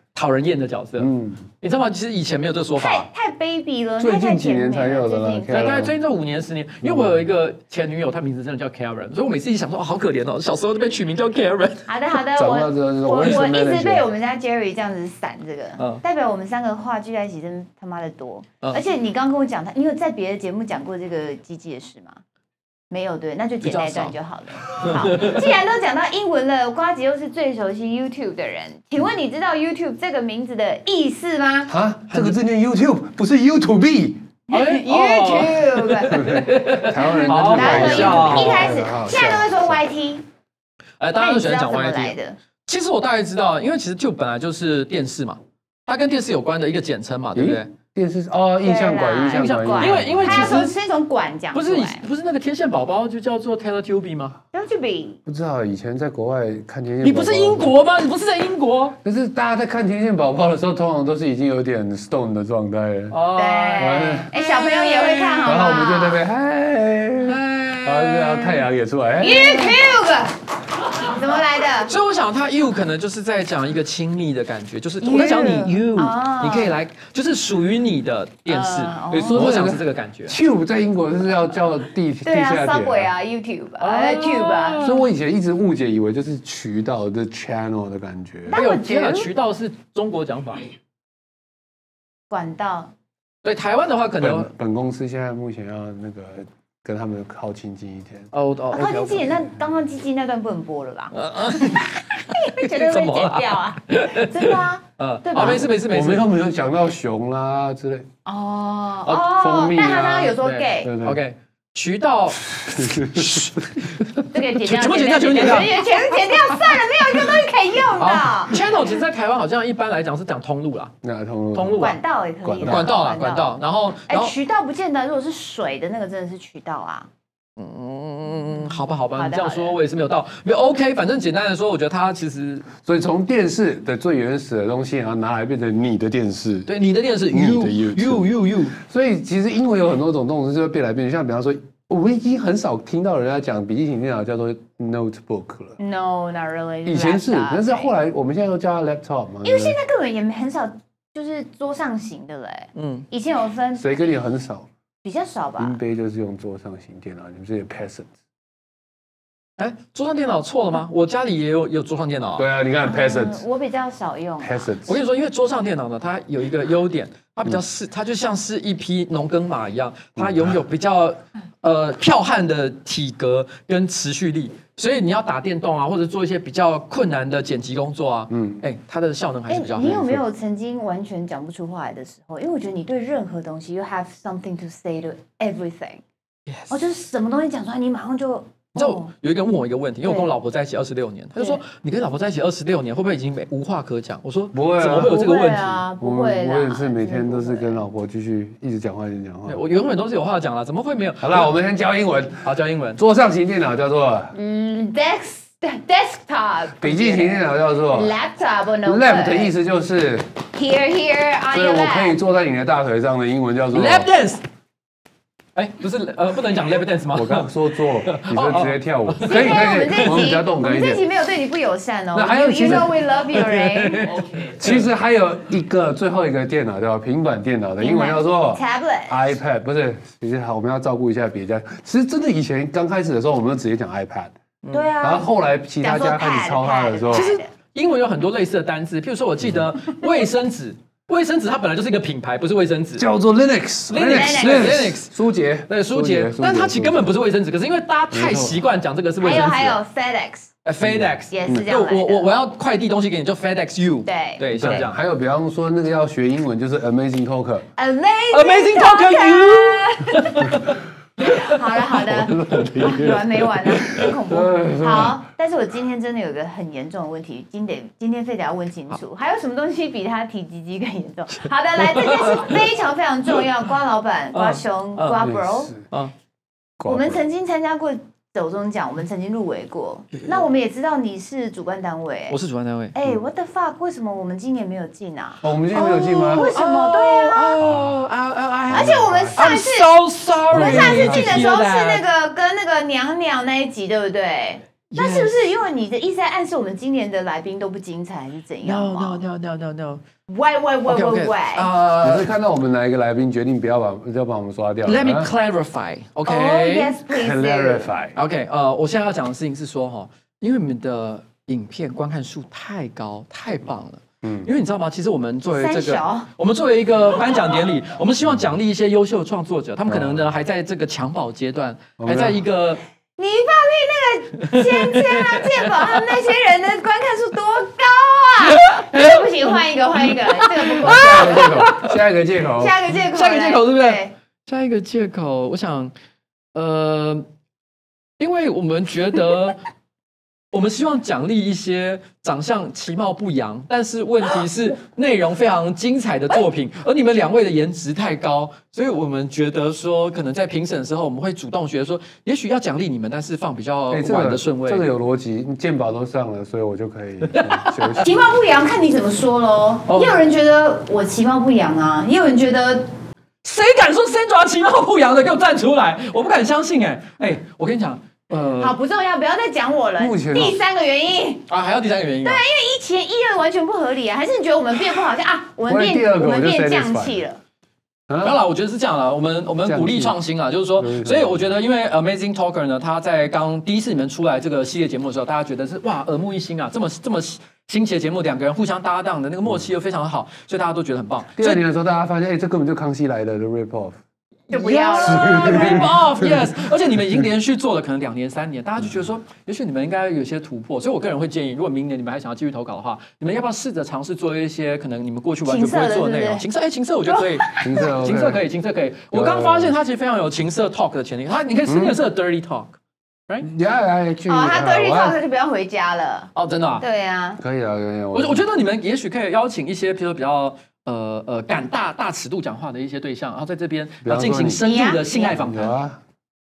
[SPEAKER 3] 討人厭的角色，嗯，你知道嗎？其實以前沒有這個說法、
[SPEAKER 1] 啊，太卑鄙了，了。最近幾年才有
[SPEAKER 3] 的了，的了 Karen、大概最近這五年、十年。因為我有一個前女友，嗯、她名字真的叫 Karen，、嗯、所以我每次一想說，哦，好可憐哦，小時候就被取名叫 Karen。好
[SPEAKER 1] 的好的，我我我，我一直被我們家 Jerry 這樣子閃這個，嗯、代表我們三個話聚在一起真的他媽的多、嗯。而且你剛跟我講他，你有在別的節目講過這個機機的事嗎？沒有對，那就剪那段就好了。好，既然都講到英文了，呱吉又是最熟悉 YouTube 的人，請問你知道 YouTube 這個名字的意思嗎？哈、
[SPEAKER 2] 啊、這個字念 YouTube，不是 You To Be，
[SPEAKER 1] 哎。YouTube，
[SPEAKER 2] 台灣 *laughs* *laughs* 人，人好，然好說一開始現
[SPEAKER 1] 在都會說 YT。哎、
[SPEAKER 2] 欸，大家都喜歡講
[SPEAKER 1] YT。
[SPEAKER 3] 其實我大概知道，因為其實就本來就是電視嘛，它跟電視有關的一個
[SPEAKER 2] 簡稱嘛，對不對？電視哦，印象館，印象館，因為因為其實
[SPEAKER 1] 是一種館講，不是
[SPEAKER 3] 不是那個天線寶寶就叫做
[SPEAKER 2] Teletubby 嗎
[SPEAKER 1] ？Teletubby
[SPEAKER 2] 不知道、啊、以前在國外看天線寶寶，你不是英國嗎？
[SPEAKER 3] 你不是在英國？
[SPEAKER 2] 可是大家在看天線寶寶的時候，通常都是已經有點 stone 的狀態了。對，哎、欸，
[SPEAKER 1] 小朋友也會看好好，然後我們就
[SPEAKER 2] 在那邊，嗨，嗨，然後然後太陽也出來
[SPEAKER 1] ，YouTube。 *noise* 所以我
[SPEAKER 3] 想，他 you 可能就是在講一個親密的感覺，就是我在講你、
[SPEAKER 2] yeah. you，、
[SPEAKER 1] oh.
[SPEAKER 3] 你可以來，
[SPEAKER 2] 就是屬於你的電視。Uh, oh. 對，所以我想是這個感覺個、就是。tube 在英國就是要叫地、uh. 地下鐵啊
[SPEAKER 1] ，YouTube，YouTube、啊啊 oh. 啊。所以，我以
[SPEAKER 2] 前一直誤解，以為就是渠道的、就是、channel 的感覺。我有聽，渠道是中國講法，
[SPEAKER 1] 管道。對，台灣的話，可能本，
[SPEAKER 2] 本公司現在目前要那個。跟他們靠近近一天。哦、oh, 哦、oh, okay, okay, okay, okay.，靠近近，那
[SPEAKER 1] 剛剛雞雞那段不能播了吧？Uh, uh, *laughs* 覺得會被剪掉啊！真的啊？嗯、
[SPEAKER 2] uh,，對、啊、沒事沒事、oh, 沒事，我們都沒有講到熊啦、啊、之類。
[SPEAKER 1] 哦、oh, 哦、oh, 啊，但他他有說 gay，對對
[SPEAKER 2] ，OK。渠道 *laughs* *laughs* 這
[SPEAKER 1] 個剪掉，全部剪掉，全部剪掉，全部剪掉，算了，沒有一個東西可以用的。
[SPEAKER 3] channel 其實在台灣好像一般來講是講通，通路啦，那通、啊、通路，通路管
[SPEAKER 1] 道也可以，管道啊，管道。
[SPEAKER 3] 然後，然後、欸、渠
[SPEAKER 1] 道不見得，如果是水的那個，真的是渠道啊。
[SPEAKER 3] 嗯
[SPEAKER 2] 嗯嗯嗯，好吧好吧，你這樣說我也是沒有到沒有，OK，反正簡單的說，我覺得它其實，所以從電視的最原始的東西，然後拿來變成你的電視， *music* 對，你的電視 you，的，you you you you，所以其實英文有很多種動詞，就會變來變去，像比方說，我已經很少聽到人家講筆記型電腦叫做 notebook 了，No, not
[SPEAKER 1] really，以前是，但是
[SPEAKER 2] 後來我們現在都叫它 laptop，嘛，因為現在
[SPEAKER 1] 根本也很少就是桌上型的嘞，嗯，以前有分，誰
[SPEAKER 2] 跟你很少。
[SPEAKER 1] 比較
[SPEAKER 2] 少吧。因為就是用桌上型電腦，你們這些 PC？a 哎，桌上電腦錯了嗎？我家裡也有
[SPEAKER 3] 有桌上電腦。對啊，你看、嗯、PC a。我比
[SPEAKER 1] 較少用、啊、PC a。我跟你說，
[SPEAKER 3] 因為桌上電腦呢，它有一個優點。 *laughs* 它比較是，它就像是一匹農耕馬一樣，它擁有比較呃剽悍的體格跟持續力，所以你要打電動啊，或者做一些比較困難的剪輯工作啊，嗯，誒、欸，它的效能還是比較好、欸。你有沒有
[SPEAKER 1] 曾經完全講不出話來的時候？因為我覺得你對任何東西，you have something to say to everything，、Yes. 哦，就是什麼東西講出來，你馬上就。
[SPEAKER 3] 你知道，oh. 有一個人問我一個問題，因為我跟我老婆在一起二十六年，他就說，你跟老婆在一起二十六年，會不會已經沒無話可講？我說不會，啊，怎麼會有這個問題不會，啊不會啊，我也是每天
[SPEAKER 2] 都是跟老婆繼續一直講話，一直講話。
[SPEAKER 3] 話對。我永遠都是有話講啦，怎麼會沒有？
[SPEAKER 2] 好啦，我們先教英文，好教英文。桌上型電腦叫做嗯、mm,
[SPEAKER 1] desktop，Desk 筆記型電
[SPEAKER 2] 腦叫做、
[SPEAKER 1] yeah. laptop。laptop 的意思就是 here here，I am 所以我可
[SPEAKER 2] 以坐在你的大腿上的英文叫做 lap dance。Laptance. 哎，不是，呃，不能講 lap dance 嗎？我剛剛說錯，你說直接跳舞，哦、可以、哦、可以、可以。我們比較動感一點。我這題
[SPEAKER 1] 沒有對你不友善哦。那還有其實，you know we love you,
[SPEAKER 2] right?。 *laughs* 其實還有一個最後一個電腦叫平板電腦的英文叫做
[SPEAKER 1] tablet，iPad
[SPEAKER 2] 不是。其實好，我們要照顧一下別家。其實真的以前剛開始的時候，我們就直接講 iPad。
[SPEAKER 1] 對啊。然後後來其他家開始抄他
[SPEAKER 2] 的時候，其實
[SPEAKER 3] 英文有很多類似的單字，譬如說，我記得衛生紙。 *laughs* 衛生紙它本來就是一個品牌，不是衛生紙，叫做 Linux，Linux，Linux，舒潔，對舒潔，但它其實根本不是衛生紙，可是因為大家太習慣講這個是衛生紙。
[SPEAKER 1] 還有 FedEx，FedEx、呃 FedEx，嗯、也是這樣。我
[SPEAKER 3] 我我要快遞東西給你就，嗯，就 FedEx you 對。對對，像這樣。還
[SPEAKER 2] 有比方說那個要學英文，就是 Amazing
[SPEAKER 1] Talker，Amazing Talker you *laughs* *laughs* *laughs* 好了，好的，有、啊、完沒完啊？很恐怖。好，但是我今天真的有一個很嚴重的問題，今得今天非得要問清楚，還有什麼東西比他體積肌更嚴重？ *laughs* 好的，來，這件事非常非常重要。呱老闆、呱熊、嗯、呱、嗯、呱 bro、嗯、呱我們曾經參加過。手中獎我們，曾經入圍過。那我們也知道你是主辦單位、欸，我
[SPEAKER 3] 是主辦單位。哎、欸嗯
[SPEAKER 1] ，What the fuck？為什麼我們今年沒有進啊？哦，我們今年沒有進嗎？為什麼？對啊。而且我們上一次，so 我們上一次進的時候是那個跟那個娘娘那一集，對不對？Yes. 那是不是因為你的意思在暗示我們今年的來賓都不精彩，還是怎樣 no no no no no no, no。Why why why why、okay, why？Okay.
[SPEAKER 2] Uh, *laughs* 你是看到我們哪一個來賓決定不要把要把我們刷掉了？Let me
[SPEAKER 3] clarify o、okay. k、oh, yes please.
[SPEAKER 1] Clarify，OK？Okay,
[SPEAKER 3] 呃、uh，我現在要講的事情是說哈，因為你們的影片觀看數太高，太棒了。嗯，因為你知道嗎？其實我們作為這個，三小我們作為一個頒獎典禮， *laughs* 我們希望獎勵一些優秀創作者、嗯，他們可能呢還在這個襁褓階段，okay. 還在一個。
[SPEAKER 1] 你放屁！那個芊芊啊、劍寶他們那些人的觀看數多高啊？對、 *laughs* 欸、不起，
[SPEAKER 3] 換一個，換一個，這個不夠，下一個借口，下一個借口、嗯、口，下一個借口、嗯、口、口，對不對？下一個借口，我想，呃，因為我們覺得。 *laughs* 我們希望獎勵一些長相其貌不揚，但是問題是內容非常精彩的作品。而你們兩位的顏值太高，所以我們覺得說，可能在評審的時候，我們會主動覺得說，也許要獎勵你們，但是放比較晚的順位、這個。這個有
[SPEAKER 2] 邏輯，健保都上了，所以我就可以。
[SPEAKER 1] *laughs* 其貌不揚，看你怎麼說嘍。Oh. 也有人覺得我其貌不揚啊，
[SPEAKER 3] 也有人覺得，誰敢說 Sandra 其貌不揚的，給我站出來！我不敢相信、欸，哎哎，我跟你講。嗯、好，
[SPEAKER 1] 不重要，不要再講我了、欸。目前、啊第，三啊、第三個原因
[SPEAKER 3] 啊，還有第三個原因。
[SPEAKER 1] 對，因為以前一前一二完全不合理啊，還是你覺得我們變不好像啊，啊，我們變我們變匠
[SPEAKER 3] 氣了？不要了，我覺得是這樣了。我們我們鼓勵創新啊，就是說對對對，所以我覺得因為 Amazing Talker 呢，他在剛第一次你們出來這個系列節目的時候，大家覺得是哇耳目一新啊，這麼這麼新奇的節目，兩個人互相搭檔的那個默契又非常好、嗯，所以大家都覺得很棒。第二年的時
[SPEAKER 2] 候，大家發現哎、欸，這根本就康熙來了的 rip-off
[SPEAKER 3] 就不要了，rip、yes. off yes。 *laughs* 而且你們已經連續做了可能兩年三年，大家就覺得說， *laughs* 也許你們應該有些突破。所以，我個人會建議，如果明年你們還想要繼續投稿的話，你們要不要試着嘗試做一些可能你們過去完全不會做的內容？情色哎、欸，情色我覺得可以，情色情色， *laughs* 情色可以，情色可以。Okay. 我剛發現他其實非常有情色 talk 的潛力，他、 *laughs* 啊、你可以情色 dirty talk，right？你、嗯、要來去哦，right? yeah, can, uh, oh, 他 dirty talk 他就不要
[SPEAKER 1] 回家了。哦、oh,，真的、啊？對啊，
[SPEAKER 3] 可以啊，可以啊。我我覺得你們也許可以邀請一些，比如說比較。呃呃，敢大大尺度講話的一些對象，然後在這邊然後進行深入的性愛訪談，啊，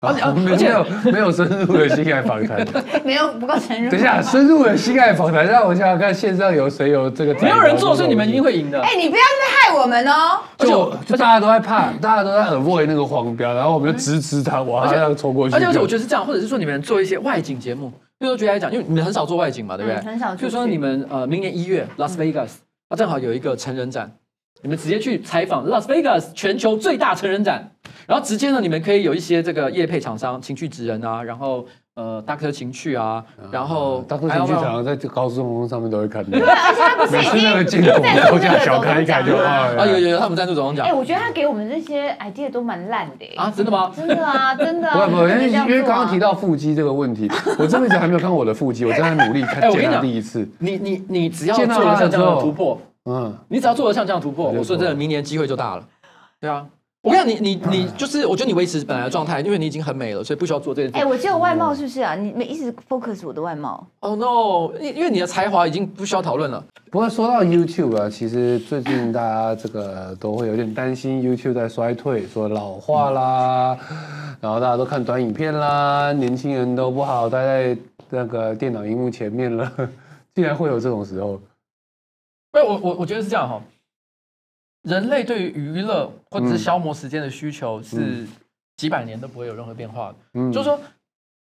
[SPEAKER 3] 而
[SPEAKER 1] 且，啊、而且沒有， *laughs* 沒，
[SPEAKER 2] 有沒有深入的性愛訪談，
[SPEAKER 1] *laughs* 沒有不夠深入。等一下， *laughs* 深
[SPEAKER 2] 入的性愛訪談，讓我想想看線上有誰有這個？沒有人做，所以你們一定會贏
[SPEAKER 1] 的。哎，欸，你不要再害我們哦！就就大家都在怕，嗯，大家都在
[SPEAKER 2] 很為那個黃標，然後我們就支持他，我馬上衝過去而。而且而且我覺得
[SPEAKER 3] 是這樣，或者是說你們做一些外景節目，比如說舉例來講，因為你們很少做外景嘛，對不對？嗯，很少。就是說你們呃，明年一月拉斯維加斯，那，嗯、正好有一個成人展。你們直接去採訪 Las Vegas 全球最大成人展，然後直接呢，你們可以有一些這個業配廠商情趣職人啊，然後呃、啊然後啊啊，大哥情趣啊，然後大哥情趣廠商在高
[SPEAKER 2] 速公路上面都會看到，每次那個鏡頭都這樣小看一看就、嗯、啊，有有有，他們在那種講。哎，我
[SPEAKER 1] 覺得他給我們這些 idea 都蠻爛的。啊，真的嗎？真的啊，真的、啊。沒 *laughs* 因為剛剛、啊、提
[SPEAKER 2] 到腹肌這個問題，我這輩子還沒有看我的腹肌，我真的努力看。見到第一次。哎、你你你,你只要做到之後突破。
[SPEAKER 3] 嗯，你只要做得像這樣突破，我說，我說真的，明年機會就大了。對啊，我跟你講你，你、嗯、你就是，我覺得你維持本來的狀態，嗯，因為你已經很美了，
[SPEAKER 2] 所以不需要做這些。哎，我
[SPEAKER 1] 只有外貌是不是啊？你一直 focus 我的外貌。哦、oh, no，因為你的才
[SPEAKER 3] 華已經不需要討論了。
[SPEAKER 2] 不過說到 YouTube 啊，其實最近大家這個都會有點擔心 YouTube 在衰退，說老化啦，嗯、然後大家都看短影片啦，年輕人都不好待在那個電腦熒幕前面了，竟 *laughs* 然會有這種時候。所以我我我覺得是這樣哈、喔，人類
[SPEAKER 3] 對於娛樂或者是消磨時間的需求是幾百年都不會有任何變化的。嗯，就是說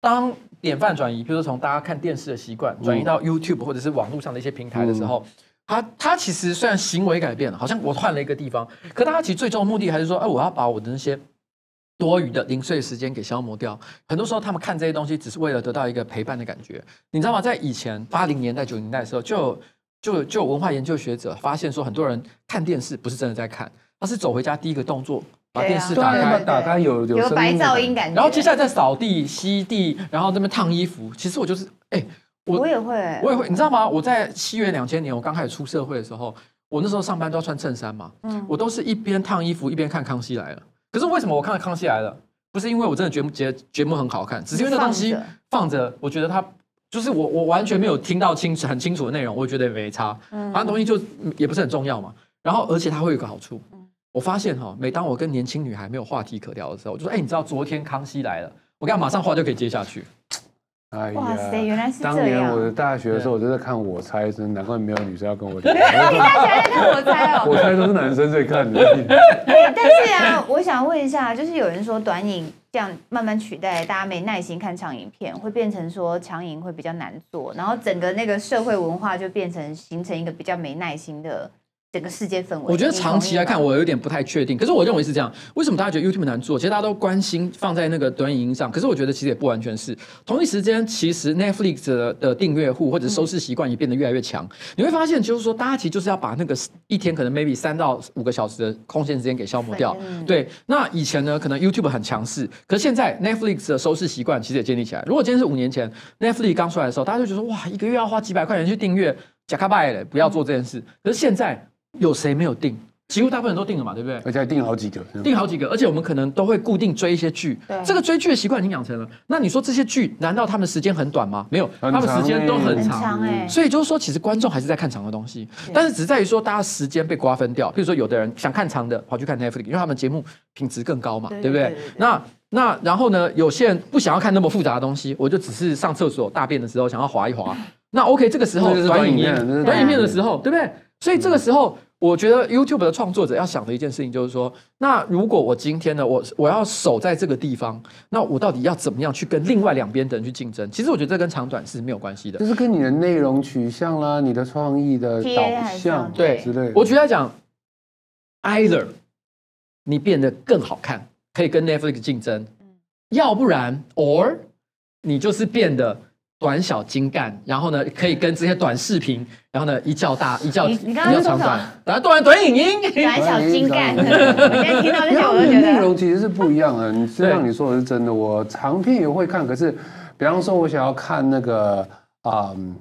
[SPEAKER 3] 當典範轉移，比如說從大家看電視的習慣轉移到 YouTube 或者是網絡上的一些平台的時候，它它其實雖然行為改變了，好像我換了一個地方，可大家其實最終的目的還是說，哎，我要把我的那些多餘的零碎的時間給消磨掉。很多時候他們看這些東西，只是為了得到一個陪伴的感覺。你知道嗎？在以前八零年代九零代的時候就。就就文化研究學者發現說，很多人看電視不是真的在看，而是走回家第一個動作把電視打開、啊、對對對打開有有,聲音有白噪音感覺然後接下來再掃地、吸地，然後這邊燙衣服。其實我就是哎，我我也
[SPEAKER 1] 會，我也會，你知道嗎？
[SPEAKER 3] 我,我在七月兩千年，我剛開始出社會的時候，我那時候上班都要穿襯衫嘛，嗯，我都是一邊燙衣服一邊看《康熙來了》。可是為什麼我看《康熙來了》？不是因為我真的覺覺得節,節目很好看，只是因為那東西放着，放着我覺得它。就是我，我完全沒有聽到清楚，很清楚的內容，我覺得也沒差，反正東西就也不是很重要嘛。然後，而且它會有個好處，我發現哈、喔，每當我跟年輕女孩沒有話題可聊的時候，我就說，哎、欸，你知道昨天康熙來了，我跟他馬上話就可以接下去。
[SPEAKER 2] 哎、哇塞，
[SPEAKER 1] 原來是這樣！當年我在
[SPEAKER 2] 大學的時候，我就在看我猜，真難怪沒有女生要跟我講。大
[SPEAKER 1] 家在看
[SPEAKER 4] 我
[SPEAKER 2] 猜哦，我猜都是男生在看的。 *laughs*
[SPEAKER 1] *laughs* 但是啊，我想問一下，就是有人說短影這樣慢慢取代，大家沒耐心看長影片，會變成說長影會比較難做，然後整個那個社會文化就變成形成一個比較沒耐心的。整個世界氛圍，我覺得長期來看，我有
[SPEAKER 3] 點不太確定。可是我認為是這樣，為什麼大家覺得 YouTube 難做？其實大家都關心放在那個短影音上。可是我覺得其實也不完全是。同一時間，其實 Netflix 的訂閱戶或者收視習慣也變得越來越強。嗯、你會發現，就是說，大家其實就是要把那個一天可能 maybe 三到五個小時的空閒時間給消磨掉、嗯。對。那以前呢，可能 YouTube 很強勢，可是現在 Netflix 的收視習慣其實也建立起來。如果今天是五年前，Netflix 剛出來的時候，大家就覺得說哇，一個月要花幾百塊錢去訂閱，賈卡拜的，不要做這件事。嗯、可是現在。有誰沒有訂？幾乎大部分人都訂了嘛，對不對？而且還訂好幾個，嗯、訂好幾個，而且我們可能都會固定追一些劇，這個追劇的習慣已經養成了。那你說這些劇難道他們時間很短嗎？沒有，欸、他們時間都很長，很長、欸、所以就是說，其實觀眾還是在看長的東西，但是只在於說大家時間被瓜分掉。譬如說，有的人想看長的，跑去看 Netflix，因為他們節目品質更高嘛，對，對不對？對對對。那那然後呢，有些人不想要看那麼複雜的東西，我就只是上廁所大便的時候想要滑一滑。 *laughs* 那 OK，這個時候就是短影片，就是短影片，短影片的時候，對不對？所以這個時候，我覺得 YouTube 的創作者要想的一件事情就是說，那如果我今天呢，我我要守在這個地方，那我到底要怎麼樣去跟另外兩邊的人去競爭？其實我覺得這跟長短是沒有關係的，就是
[SPEAKER 2] 跟你的內容取向啦、啊、你的創意的導向
[SPEAKER 3] 對之類。我覺得要講，Either 你變得更好看，可以跟 Netflix 競爭；要不然，Or 你就是變得。短小精幹，然後呢，可以跟這些短
[SPEAKER 2] 視頻，然後呢，一較大一較一
[SPEAKER 3] 較長短，然後斷完短影音，短小精幹
[SPEAKER 2] *laughs* 你那。你 *laughs* 我，我覺得內容其實是不一樣的。 *laughs* 你這樣你說的是真的，我長片也會看，可是，比方說，我想要看那個啊、嗯，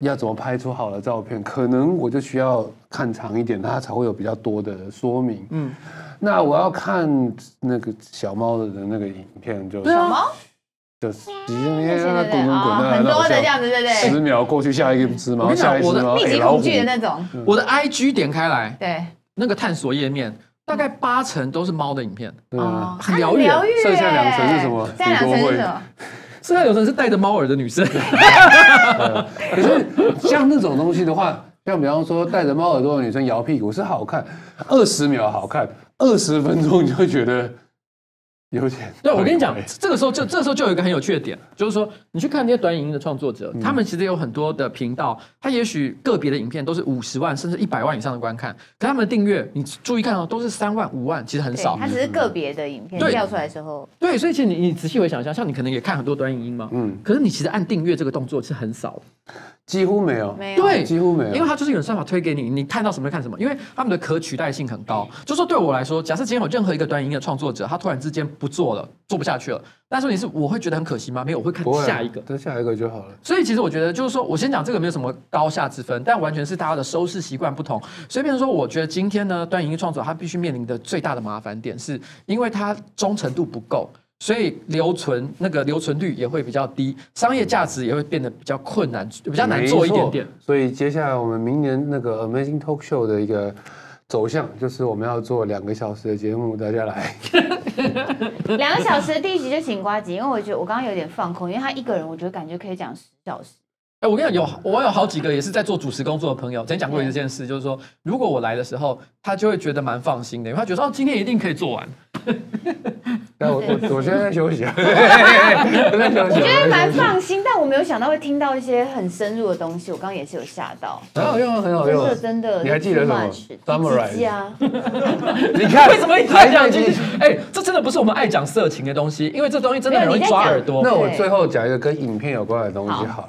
[SPEAKER 2] 要怎麼拍出好的照片，可能我就需要看長一點，它才會有比較多的說明。嗯，那我要看那個小貓的那個影片、就是，就小貓。就是你，你看它滾滾滾動，很多的這樣子，對不對？十秒過去，下一個隻貓，欸、下一個十秒，密集恐懼的那種。
[SPEAKER 3] 我的 IG 點開來，對，那個探索頁面，嗯那個探索頁面嗯、大概八成都是貓的影片，對啊，遙、哦、遠，剩下兩層是，是，是什麼？剩下
[SPEAKER 4] 兩
[SPEAKER 2] 剩下兩層是戴着貓耳的女生。 *laughs* *laughs* *laughs* 可是像那種東西的話，像比方說戴着貓耳朵的女生搖屁股是好看，二十秒好看，二十分鐘你就會覺得。有點怪怪對，對我跟你講，這個
[SPEAKER 3] 時候就這個時候就有一個很有趣的點，嗯，就是說你去看那些短影音的創作者，他們其實有很多的頻道，他也許個別的影片都是五十萬甚至一百萬以上的觀看，可他們的訂閱，你注意看哦，都是三萬、五萬，其實很少。他只是
[SPEAKER 1] 個別的影片，對，掉出
[SPEAKER 3] 來之後。對，所以其實你你仔細回想一下，像你可能也看很多短影音嘛，嗯，可是你其實按訂閱這個動作是很少。幾乎沒有，對，幾乎沒有，因為他就是有算法推給你，你看到什麼就看什麼，因為他們的可取代性很高。就說對我來說，假設今天有任何一個短影音的創作者，他突然之間不做了，做不下去了，但是問題是我會覺得很可惜嗎？沒有，我會看下一
[SPEAKER 2] 個，等、啊、下一個就好了。
[SPEAKER 3] 所以其實我覺得就是說，我先講這個沒有什麼高下之分，但完全是大家的收視習慣不同。所以變成說，我覺得今天呢，短影音創作者，他必須面臨的最大的麻煩點，是因為他忠誠度不夠。所以留存那個留存率也會比較低，商業價值也會變得比較困難，比較難做一點點。
[SPEAKER 2] 所以接下來我們明年那個 Amazing Talk Show 的一個走向，就是我們要做兩個小時的節目，大家來。
[SPEAKER 1] 兩 *laughs* *laughs* 個小時的第一集就請呱吉，因為我覺得我剛剛有點放空，因為他一個人，我覺得感覺可以講十小時。哎、欸，我跟你講，有我有
[SPEAKER 3] 好幾個也是在做主持工作的朋友，曾經講過一件事，yeah. 就是說如果我來的時候，他就會覺得蠻放心的，因為他覺得哦，今天一定可以做完。 *laughs*
[SPEAKER 2] 那我我我現在在休息啊。我我覺得蠻放
[SPEAKER 1] 心，但我沒有想到會聽到一些很深入的東西。我剛剛也是有嚇到、啊啊嗯。很好用很好用。這真的。你還記得什麼 s u m m a r 啊。 *music* *laughs* 你看，為什麼一直在講這
[SPEAKER 3] 些？哎、欸，這真的不是我們愛講色情的東西，因為這東西真的很容易抓耳朵。那我最後
[SPEAKER 2] 講一個跟影片有關的東西好了。好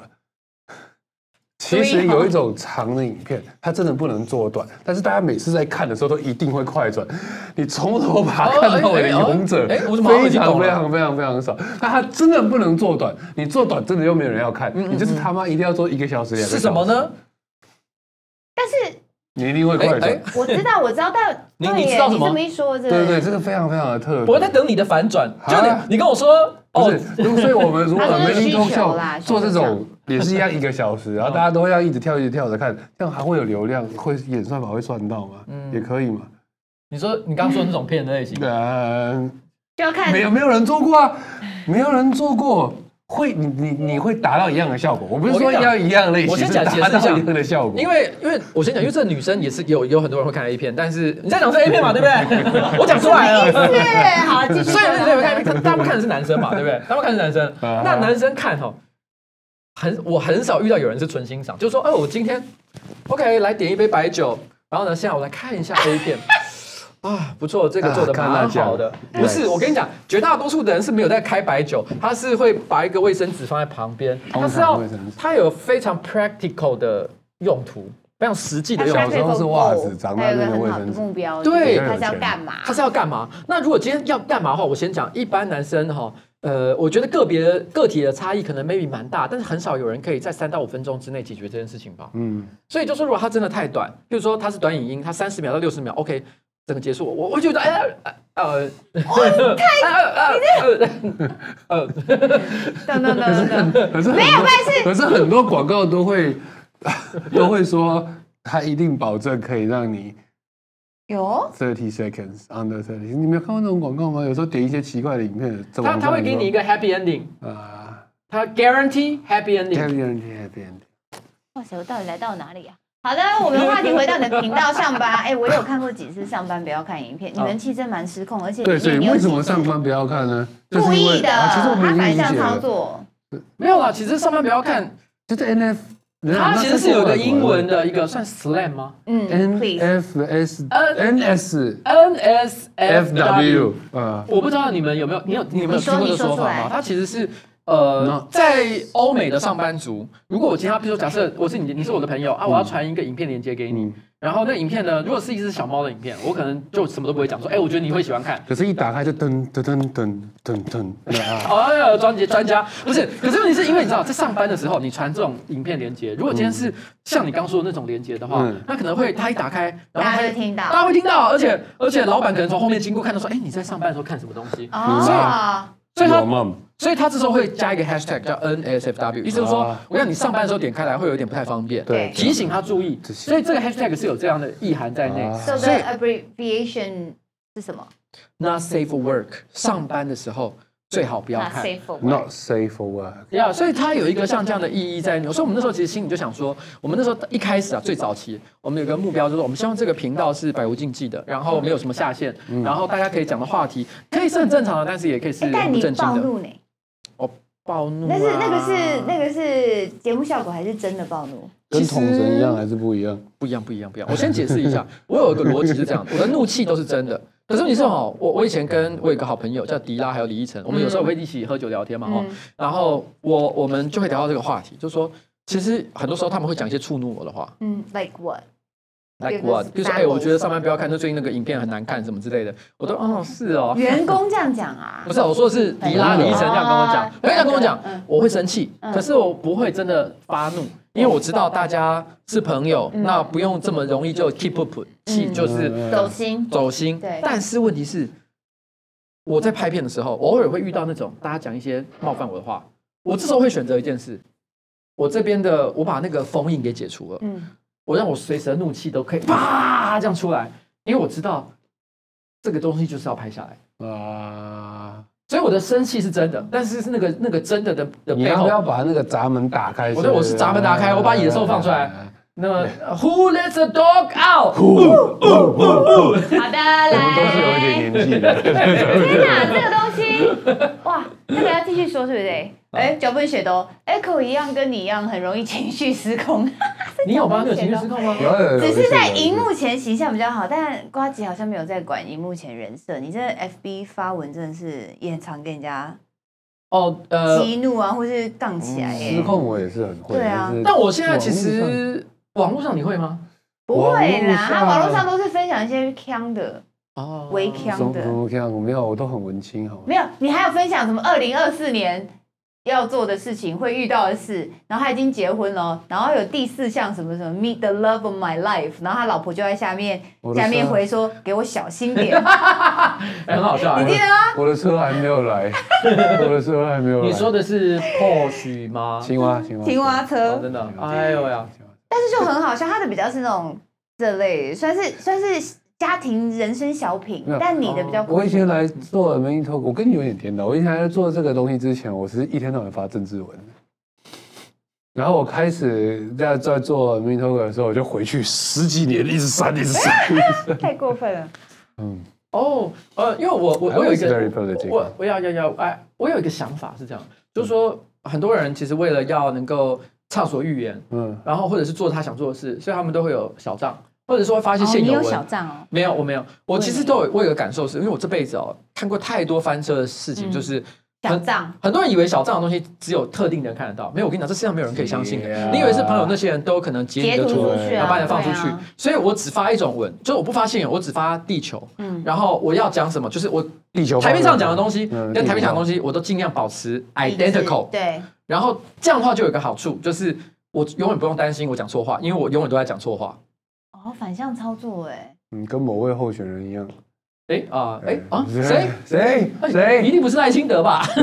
[SPEAKER 2] 其實有一種長的影片，它真的不能做短，但是大家每次在看的時候都一定會快轉。你從頭把它看到尾的勇者，非常非常非常非常少。那它真的不能做短，你做短真的又沒有人要看，嗯、你就是他媽一定要做一個小時的。是什麼呢？
[SPEAKER 1] 但是你一定會
[SPEAKER 2] 快轉，哎，我知道，我知道，但 *laughs* 你你知道
[SPEAKER 1] 什麼這麼一說是是，對
[SPEAKER 2] 對，這個非常非常的特別。我在等你的反轉，就你、啊、你跟我說，哦、是 *laughs* 就是，所以我們如果沒聽通做這種。也是一樣，一個小時，然後大家都要一直跳，一直跳着看，這樣還會有流量，會演算法會算到嗎？嗯，也可以嘛。你說你剛剛說的那種片的類型，
[SPEAKER 4] 就要
[SPEAKER 3] 看沒有
[SPEAKER 2] 沒有人做過啊，沒有人做過，會你你你會達到一樣的效果？我不是說要一樣，一樣類型，我先講解釋一下一
[SPEAKER 3] 樣的效果。因為因為，我先講，因，因為這個女生也是有有很多人會看 A 片，但是你在講是 A 片嘛，對不對？我講出來了，所以所以你們看，他大部分看的是男生嘛，對不對？大部分看的是男生，那男生看哈。很，我很少遇到有人是純欣賞，就是說，哦，我今天，OK，來點一杯白酒，然後呢，現在我來看一下 A 片，啊，啊不錯，這個做的蠻好的，啊。不是，我跟你講，絕大多數的人是沒有在開白酒，他是會把一個衛生紙放在旁邊，他是要，他有非常 practical 的用途，非常實際的用途，是襪子，對，他是
[SPEAKER 1] 要幹嘛？他
[SPEAKER 3] 是要幹嘛？那如果今天要幹嘛的話，我先講，一般男生哈。呃，我覺得個別的個體的差異可能 maybe 蠻大，但是很少有人可以在三到五分鐘之內解決這件事情吧。嗯，所以就說如果它真的太短，譬如說它是短影音，它三十秒到六十秒，OK，整個結束，我我覺得哎呀、呃，呃，
[SPEAKER 4] 太短，哎、呃，哎、呃，哎、呃，呃、嗯，等等等
[SPEAKER 1] 等，可是、
[SPEAKER 2] 嗯、可是沒有，呃，
[SPEAKER 1] 呃，可是很多
[SPEAKER 2] 廣告都會都會說，它一定保證可以讓你。有 thirty seconds under thirty，你沒有看過那種廣告嗎？有時候點一些奇怪的影片，他他會給你一
[SPEAKER 1] 個
[SPEAKER 3] happy ending，啊、呃，他 guarantee happy ending，happy
[SPEAKER 2] ending，happy ending。
[SPEAKER 1] 哇塞，我到底來到哪裡啊？好的，我們話題回到你的頻道上吧。哎、 *laughs* 欸，我也有看過幾次上
[SPEAKER 2] 班不要看影片， *laughs* 你們氣質蠻失控，而且對，所以為什麼上班不要看呢？就是、故意的，啊、其實我不理
[SPEAKER 1] 解，反向操作。沒有啊，其實上班不要看，要看就是 N F。它其實
[SPEAKER 3] 是有一個英文的一個，算 slam 嗎？嗯 *music* ，n f s n s
[SPEAKER 2] n -S, s f w、
[SPEAKER 3] uh、我不知道你們有沒有，你有你們有有聽過的說法嗎？它其實是。呃，在歐美的上班族，如果我今天，比如說，假設我是你，你是我的朋友啊，我要傳一個影片連結給你、嗯嗯，然後那影片呢，如果是一隻小貓的影片，我可能就什麼都不會講，說，哎、欸，我覺得你會喜歡看。可是，一打
[SPEAKER 2] 開就噔噔噔噔噔噔，
[SPEAKER 3] 哎呀，專、啊哦、家專家，不是，可是問題是因為你知道，在上班的時候，你傳這種影片連結，如果今天是像你剛說的那種連結的話、嗯，那可能會，他一打開，然後他就聽到，大家會聽，聽到，而且、嗯、而且老闆可能從後面經過看到說，哎、欸，你在上班的時候看什麼東西啊？嗯所以他，所以他這時候會加一個 hashtag 叫 NSFW，意思說，我要你上班的時候點開來，會有點不太方便，對，提醒他注意。所以這個 hashtag 是有這樣的意涵在內。So、所以
[SPEAKER 1] abbreviation 是什麼
[SPEAKER 3] ？Not Safe Work，上班的時候。最好不要看
[SPEAKER 1] ，Not
[SPEAKER 2] safe for work。
[SPEAKER 3] 呀，所以它有一個像這樣的意義在。所以我，我們那時候其實心裡就想說，我們那時候一開始啊，最早期，我們有個目標就是，我們希望這個頻道是百無禁忌的，然後沒有什麼下限，嗯、然後大家可以講的話題、嗯，可以是很正常的，但是也可以是不正經的。欸暴怒、啊？那是那個是那
[SPEAKER 1] 個是節目效果，還是真的暴怒？
[SPEAKER 3] 跟同人一樣，還是不一樣？不一樣，不一樣，不一樣。我先解釋一下， *laughs* 我有一個邏輯是這樣的：我的怒氣都, *laughs* 都是真的。可是你說哦，我我以前跟我有個好朋友, *laughs* 好朋友叫迪拉，還有李依晨、嗯，我們有時候會一起喝酒聊天嘛哈、嗯。然後我我們就會聊到這個話題，就是說，其實很多時候他們會講一些觸怒我的話。
[SPEAKER 1] 嗯，like what？哇、like what？比如說哎，我覺得上班不要看，就
[SPEAKER 3] 最近那個影片很難看，什麼之類的。我都哦，是哦。員
[SPEAKER 1] 工這樣講啊？ *laughs* 不是，我說的是迪拉，拉李晨這樣
[SPEAKER 3] 跟我講，這、哦、樣跟我講、嗯，我會生氣、嗯，可是我不會真的發怒，因為我知道大家是朋友，嗯、那不用這麼容易就 keep up put、嗯、氣，就是走心走心、走心。對，但是問題是，我在拍片的時候，偶爾會遇到那種、嗯、大家講一些冒犯我的話，我這時候會選擇一件事，我這邊的我把那個封印給解除了。嗯我讓我隨時的怒氣都可以啪這樣出來，因為我知道這個東西就是要拍下來
[SPEAKER 2] 啊。
[SPEAKER 3] 所以我的生氣是真的，但是
[SPEAKER 2] 是那個那個真的的的背後不要把那個閘門打開。我對，我是閘門打開，我把野獸放出來。那麼
[SPEAKER 3] Who lets the dog out？好、啊、的，來、
[SPEAKER 2] 我們
[SPEAKER 3] 都
[SPEAKER 1] 是有一
[SPEAKER 4] 點年紀的，就是。天哪，這個
[SPEAKER 1] 東西哇，那、這個要繼續說是不是，對不對？哎、啊，腳本寫的哦，Eko 一樣跟你一樣，很容易情緒失控。
[SPEAKER 4] *laughs* 你有嗎？有
[SPEAKER 3] 情
[SPEAKER 1] 緒失控嗎？ *laughs* 只是在熒幕前形象比較好，但呱吉好像沒有在管熒幕前人設。你這 FB 發文真的是演藏跟人家哦，激怒啊，或是槓起來、欸嗯。失控
[SPEAKER 2] 我也是很會，對啊。但,但我現在其實網絡上,上你會嗎？不會啦，網他網絡上都
[SPEAKER 1] 是分享一些嗆的哦、啊，微嗆的。我
[SPEAKER 2] 的。我沒有，我都很文青，好。
[SPEAKER 1] 沒有，你還有分享什麼？二零二四年。要做的事情，會遇到的事，然後他已經結婚了，然後有第四項什麼什麼 Meet the love of my life，然後他老婆就在下面下面回說：“給我小心點， *laughs* 欸、
[SPEAKER 2] 很好笑，你記得嗎？我的車還沒有來， *laughs* 我的車還沒有來，你說的是 Porsche 嗎？青蛙，青蛙
[SPEAKER 1] 車，蛙車哦、真的，
[SPEAKER 2] 沒有哎呦呀！
[SPEAKER 1] 但是就很好笑，他 *laughs* 的比較是那種這類，算是算是。”家庭人生小品，no, 但你的比較的。我以前
[SPEAKER 2] 來做民調，嗯，我跟你有點顛倒。我以前在做這個東西之前，我是一天到晚發政治文。然後我開始在在做民調的時候，我就回去十幾年一直刪，一直刪。一直 *laughs* 太
[SPEAKER 3] 過分了。嗯。哦、oh,，呃，因為我我、I'm、我有一個，我要我要要要哎，我有一個想法是這樣、嗯、就是說很多人其實為了要能夠暢所欲言，嗯，然後或者是做他想做的事，所以他們都會有小賬。或者說會發現現有文。哦，你有
[SPEAKER 1] 小帳
[SPEAKER 3] 哦？沒有，我沒有，我其實都有，我有個感受是，是因為我這輩子哦看過太多翻車的事情，嗯、就是很小賬，很多人以為小賬的東西只有特定的人看得到，沒有，我跟你講，這世上沒有人可以相信的。你以為是朋友，那些人都可能截你的圖，然後把你放出去，所以我只發一種文，就是我不發現有，我只發地球。嗯，然後我要講什麼，就是我地球台面上講的東西跟台面上講的東西，嗯、東西我都盡量保持 identical 對。對，然後這樣的話就有個好處，就是我永遠不用擔心我講錯話，因為我永遠都在講錯話。
[SPEAKER 1] 好反向操作哎、
[SPEAKER 3] 欸，
[SPEAKER 2] 你、嗯、跟某位候選人一樣，
[SPEAKER 3] 哎啊哎啊，誰誰誰，欸、一定不是賴清德吧？ *laughs* 是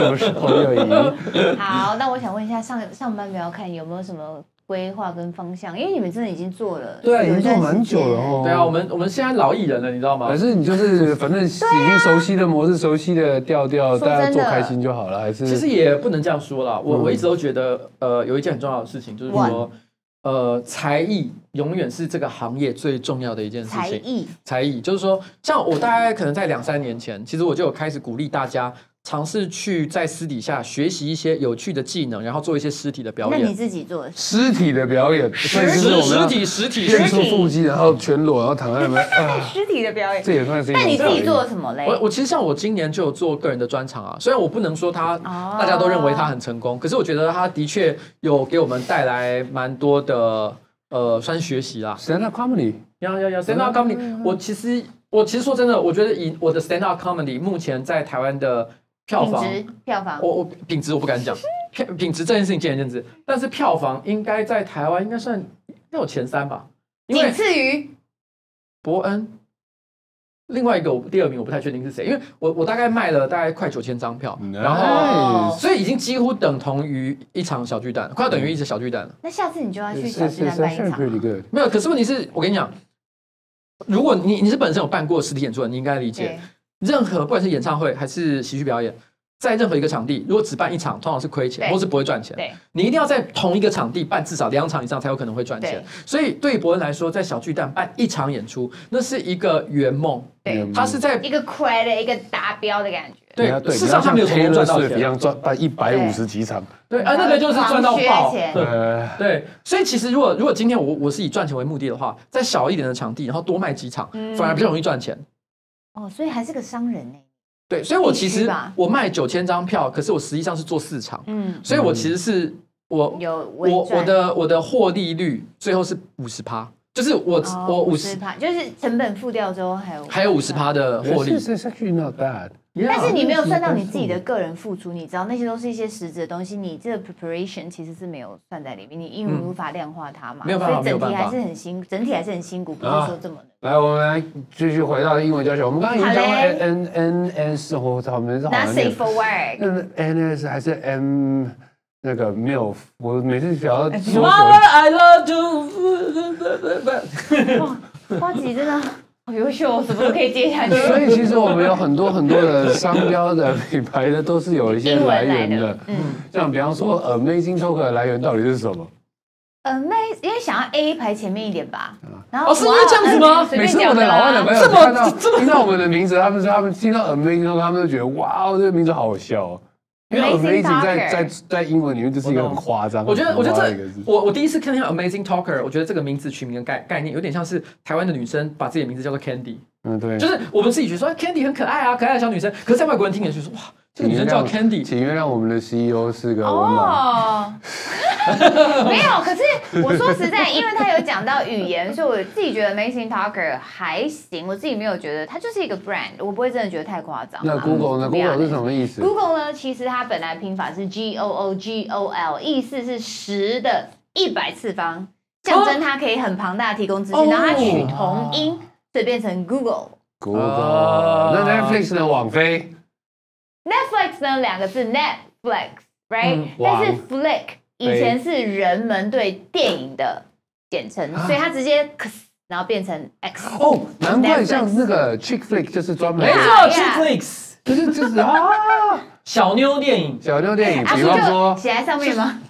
[SPEAKER 3] 不是朋友一樣？好，
[SPEAKER 1] 那我想問一下，上上班不要看有沒有什麼規劃跟方向，因為你們真的已經做了，對，已經做
[SPEAKER 3] 很久了哦。對，對啊，我
[SPEAKER 1] 們
[SPEAKER 2] 我們現在老藝人了，你知道嗎？還是你就是反正已經熟悉的模式、 *laughs* 啊、熟悉的調調，大家做開心就好了。還是其實也
[SPEAKER 3] 不能這樣說啦，我、嗯、我一直都覺得，呃，有一件很重要的事情、就是、就是說。嗯呃，才藝永遠是這個行業最重要的一件事情。才藝，才藝就是說，像我大概可能在兩三年前，其實我就有開始鼓勵大家。嘗試去在私底下學習一些有趣的技能，然後做一些實體的表演。那你
[SPEAKER 1] 自己
[SPEAKER 3] 做實體的表演，實體實體，練出腹
[SPEAKER 2] 肌，然後全裸，然後躺在那。實 *laughs* 體的表演這
[SPEAKER 3] 也算
[SPEAKER 1] 是。那、啊、你自己做了什麼嘞？我
[SPEAKER 3] 我其實像我今年就有做個人的專場啊，雖然我不能說他、
[SPEAKER 1] oh. 大家都認為他
[SPEAKER 3] 很成功，可是我覺得他的確有給我們帶來蠻多的呃，算是學習啊。Stand up comedy，要要要，Stand up comedy、嗯。我其實我其實說真的，我覺得以我的 Stand up comedy 目前在台灣的。票房,票房，我我品質我不敢講， *laughs* 品品質這件事情見仁見智，但是票房應該在台灣應該算要有前三吧，
[SPEAKER 1] 僅次於
[SPEAKER 3] 博恩，另外一個我第二名我不太確定是誰，因為我我大概賣了大概快九千張票，然後、no. 所以已經幾乎等同於一場小巨蛋，快要等於一場小巨蛋
[SPEAKER 1] 了。那下次你就要去小巨蛋辦一場，that's, that's, that's,
[SPEAKER 3] that's 沒有？可是問題是我跟你講，如果你你是本身有辦過實體演出的，你應該理解。Okay. 任何不管是演唱會還是喜劇表演，在任何一個場地，如果只辦一場，通常是虧錢，或是不會賺錢。對，你一定要在同一個場地辦至少兩場以上，才有可能會賺錢。所以對於博恩來說，在小巨蛋辦一場演出，那是一個圓夢。對、嗯，他是在、
[SPEAKER 1] 嗯嗯、一個虧的一個達標的感覺。對，事實上
[SPEAKER 3] 他沒有虧，賺到錢、啊，一樣賺辦一百五十
[SPEAKER 2] 幾場
[SPEAKER 1] 對對，對，啊，那個就是賺到爆錢對。
[SPEAKER 3] 對，所以其實如果如果今天我我是以賺錢為目的的話，在小一點的場地，然後多賣幾場，嗯、反而比較容易賺錢。
[SPEAKER 1] 哦，所以還是個商
[SPEAKER 3] 人呢、欸。對，所以我其實我賣九千張票，可是我實際上是做市場。嗯，所以我其實是我有我我的我的獲利率最後是五十趴，就是我、哦、我五十
[SPEAKER 1] 趴，就是成本付掉之
[SPEAKER 3] 後還有還有五
[SPEAKER 2] 十趴的獲利。Yes,
[SPEAKER 1] Yeah, 但是你沒有算到你自己的個人付出、嗯，你知道那些都是一些實質的東西。你這個 preparation 其實是沒有算在裡面，你英語無法量化它嘛，嗯，所以整體還是很辛，整體還是很
[SPEAKER 2] 辛苦啊。不能說這麼。來，我們來繼續回到英文教學。我們剛剛已經講過 n n, -N, -N s 和草莓，拿 safe for work。N, n s 還是 m 那個 milk？我每次想要我 *laughs*
[SPEAKER 1] 哇哇只要。不呱吉真的。好、哦、優秀，我什麼都可以接下去？ *laughs* 所以其實我們
[SPEAKER 2] 有很多很多的商標的 *laughs* 品牌的，都是有一些來源的。的嗯，像比方說，Amazing Talk 的來源到底是什麼？Amazing
[SPEAKER 1] 因為想要 A 排前面一點吧。嗯、然後、哦、是因為這樣子嗎？欸啊、每次我的老外
[SPEAKER 4] 朋友看
[SPEAKER 2] 到聽到我們的名字，他們是他們聽到 Amazing Talk，他們就覺得哇，這個名字好笑。因為 Amazing 在在在英文裡面就是一個很誇張。我覺得，我覺得這
[SPEAKER 4] 我
[SPEAKER 3] 我第一次看到 Amazing Talker，我覺得這個名字取名的概概念，有點像是台灣的女生把自己的名字叫做
[SPEAKER 2] Candy。嗯，對，就是
[SPEAKER 3] 我們自己覺得說 Candy 很可愛啊，可愛的小女生。可是在外國人聽起來就是哇。你
[SPEAKER 2] 叫 Candy 請原諒我們的 CEO 是個。哦，
[SPEAKER 1] 沒有，可是我說實在，因為他有講到語言， *laughs* 所以我自己覺得 Amazing Talker 還行，我自己沒有覺得他就是一個 brand，我不會真的覺得太誇張。那 Google 呢 no,？Google 是什
[SPEAKER 2] 麼意思？Google
[SPEAKER 1] 呢？其實它本來拼法是 G O O G O L，意思是十10的一百次方，象徵它可以很龐大提供資訊，然、oh, 後它取同音，就、oh. 變成 Google。
[SPEAKER 2] Google，、uh, 那 Netflix 呢？Uh. 網飛。
[SPEAKER 1] Netflix 呢兩個字 Netflix，right？、嗯、但是 Flick 以前是人們對電影的簡稱，所以它直接 X，然後變成 X。哦，難
[SPEAKER 2] 怪像那個 Chick Flick 就是專門沒錯，Chick、yeah.
[SPEAKER 1] Flicks *laughs* 就是就是啊，
[SPEAKER 2] 小妞電影，小妞電影，比方說，啊、
[SPEAKER 1] 寫在上面嗎？就是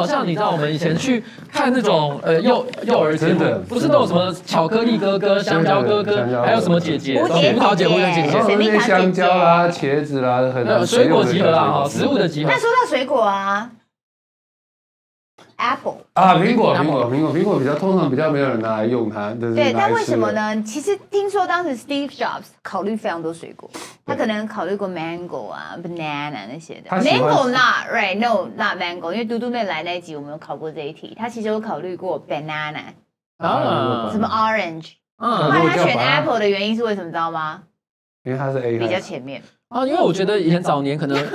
[SPEAKER 3] 好像你知道我們以前去看那種呃幼幼兒園的，的，不是都有什麼
[SPEAKER 1] 巧克力哥哥，哥，哥哥、香
[SPEAKER 2] 蕉哥哥，還有什麼姐姐、葡萄姐姐、姐姐，姊姊那些香蕉啊、茄子啦、啊，很多水果集合啊、哦，植物的集合。那
[SPEAKER 1] 說到水果啊。
[SPEAKER 2] Apple 啊，蘋果，蘋果，蘋果，蘋果比較通常比較沒有人拿來用它。就是、對，但為什麼呢？
[SPEAKER 1] 其實聽說當時 Steve Jobs 考慮非常多水果，他可能考慮過 Mango 啊、Banana 那些的。Mango not right，no not Mango，因為嘟嘟妹來那一集我們有考過這一題，他其實有考慮過 Banana 啊，什麼 Orange、嗯。嗯、他選 Apple 的原因是為什麼，知道嗎？因為他是 A 比較前面
[SPEAKER 3] 啊，因為我覺得以前早年可能。 *laughs*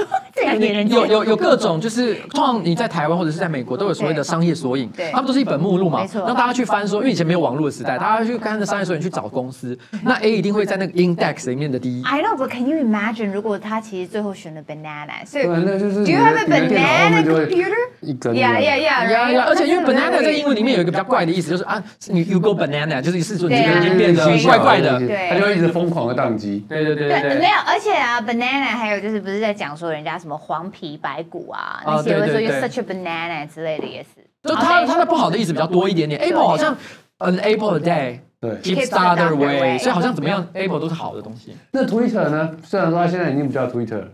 [SPEAKER 1] 嗯、有有有各種，就是通常
[SPEAKER 3] 你在台灣或者是在美國都有所謂的商業索引，對，他們都是一本目錄嘛，讓大家去翻說，說因為以前沒有網絡的時代，大家去跟著商業索引去找公司，那 A 一定會在那個 index 裡面的第
[SPEAKER 1] 一。I know，but can you imagine 如果他其實最後選了 banana？所以那就是 Do you have a banana computer？
[SPEAKER 3] 一個，Yeah，yeah，yeah，yeah，yeah。Yeah, yeah, yeah, right? yeah, yeah, 而且因為 banana 在英文裡面有一個比較怪的意思，就是啊，你 you go
[SPEAKER 2] banana，就是你思說你已經變得是是怪怪的，對，他就會一直瘋狂的宕機。對對對對，沒
[SPEAKER 1] 有。而且啊，banana 還有就是不是在講說人家什麼？黃皮白骨啊，啊那些會說 you such a banana 之類的也是，就它它的不好的意思比較多
[SPEAKER 3] 一點點。Apple 好像，像 an Apple 的 Day，對，It's s t a e r way，, way、欸、所以好像怎麼樣、欸、Apple 都是
[SPEAKER 2] 好的東西、嗯。那 Twitter 呢？雖然說它現在已經不叫 Twitter 了，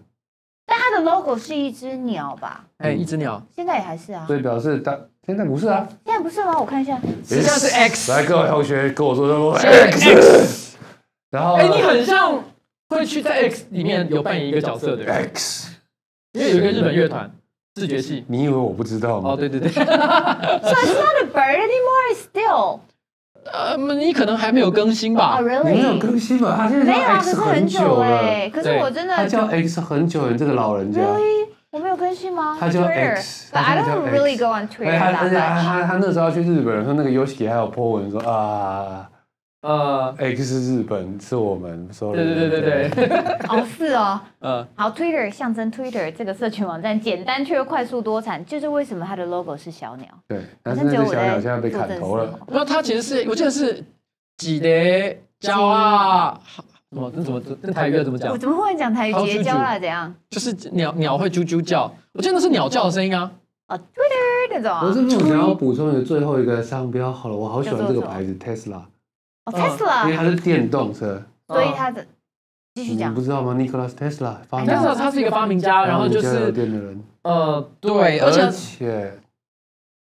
[SPEAKER 1] 但它的 logo 是一隻鳥吧？
[SPEAKER 2] 哎，一隻鳥，
[SPEAKER 1] 現在也還是啊。所
[SPEAKER 2] 以表示但現在、欸、不是啊？現、
[SPEAKER 1] 欸、在不
[SPEAKER 2] 是嗎？我看一下，實際上是，是 X、欸、X。來，各位同學跟我說說 X。X 然後、啊，哎、欸，你很
[SPEAKER 1] 像會去在
[SPEAKER 3] X
[SPEAKER 2] 裡面有扮演一個角色的 X。因為有一個日本樂團，視覺系，你以為我不知道嗎？哦，對對對。
[SPEAKER 4] *laughs* So it's
[SPEAKER 1] not a bird anymore, it's still.
[SPEAKER 3] 呃、嗯，你可能還沒有更
[SPEAKER 2] 新吧？ *noise* oh, really? 你沒有更新吧？他現在沒有啊，可是很久了、欸。可是我真的，他叫 X 很久了，這個老人家。Really?
[SPEAKER 1] 我沒有更新嗎？他叫 ace X，但 I don't really go on Twitter、欸。
[SPEAKER 2] 他他,他,他,他,他,他那時候要去日本，說那個 Yoshi 還有 po 文說啊。呃，X、欸、日本是我們說的對對對對對，哦是哦，
[SPEAKER 1] 呃，好，Twitter 象徵 Twitter 這個社群網站，簡單卻又快速多產，就是為什麼它的 logo 是小鳥？
[SPEAKER 2] 對，但是這個小鳥現在被砍頭了。
[SPEAKER 4] 那
[SPEAKER 1] 它其實是，我記得是
[SPEAKER 3] 幾的叫啊？好、哦，那怎麼？哦、那台語怎麼講？我怎
[SPEAKER 1] 麼會講台語？結啾啊，怎樣？
[SPEAKER 3] 就是鳥鳥會啾啾叫，
[SPEAKER 1] 我記得是鳥叫的聲音啊。啊、哦、，Twitter 這種、啊。我是,是我想補
[SPEAKER 2] 充的最後一個商標好了，我好喜歡這個牌子做做做 Tesla。
[SPEAKER 1] 哦、Tesla，因為它
[SPEAKER 2] 是電動車，
[SPEAKER 1] 所以它的繼續講，你、嗯、不
[SPEAKER 2] 知道嗎？尼古拉斯特斯拉，特斯拉他
[SPEAKER 3] 是一個發明家，然後就是呃，對，而且而
[SPEAKER 2] 且、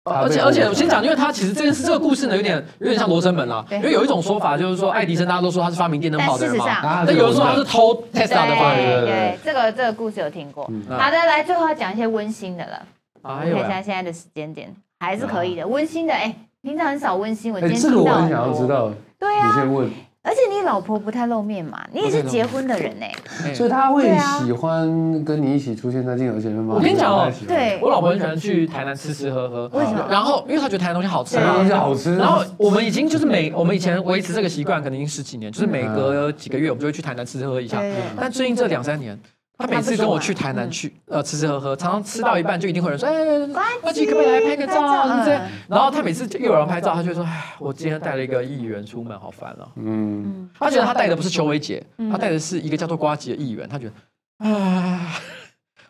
[SPEAKER 2] 啊、而,且,而,且而且我先講，
[SPEAKER 3] 因為他其實這件、個、事、這個、這個故事呢，有點有點像羅生門了、啊，因為有一種說法就是說愛迪生大家都說他是發明電燈泡的人嘛，但但有的說他是偷 Tesla 的發明，對對對對
[SPEAKER 1] 這個這個故事有聽過。嗯、好的，來最後要講一些溫馨的了，啊、可以看一下現在的時間點、哎啊、還是可以的，溫馨的，哎、欸，平常很少溫馨，我很、欸這個、我想要知
[SPEAKER 2] 道。對啊，你
[SPEAKER 1] 先問，而且你老婆不太露面嘛，你也是結婚的人呢，欸，
[SPEAKER 2] 所以她會喜歡跟你一起出現在鏡頭前面嗎？我跟你講哦，對，
[SPEAKER 1] 我老婆很
[SPEAKER 4] 喜
[SPEAKER 3] 歡去台南吃吃喝喝，為什麼？然後因為她覺得台南東西好吃，啊，好吃。然後我們已經就是每我們以前維持這個習慣，可能已經十幾年，就是每隔幾個月我們就會去台南吃吃喝一下。對對對對，但最近這兩三年。對對對對
[SPEAKER 4] 他每次跟我去
[SPEAKER 3] 台南去，呃，吃吃喝喝，常常吃到一半就一定會有
[SPEAKER 4] 人說：“哎，呱吉，可不可以來拍個照？”這樣，啊、這樣。
[SPEAKER 3] 然後他每次又有人拍照，他就說：“哎，我今天帶了一個議員出門，好煩哦。”嗯，他覺得他帶的不是邱威傑、嗯，他帶的是一個叫做呱吉的議員。他覺得，哎。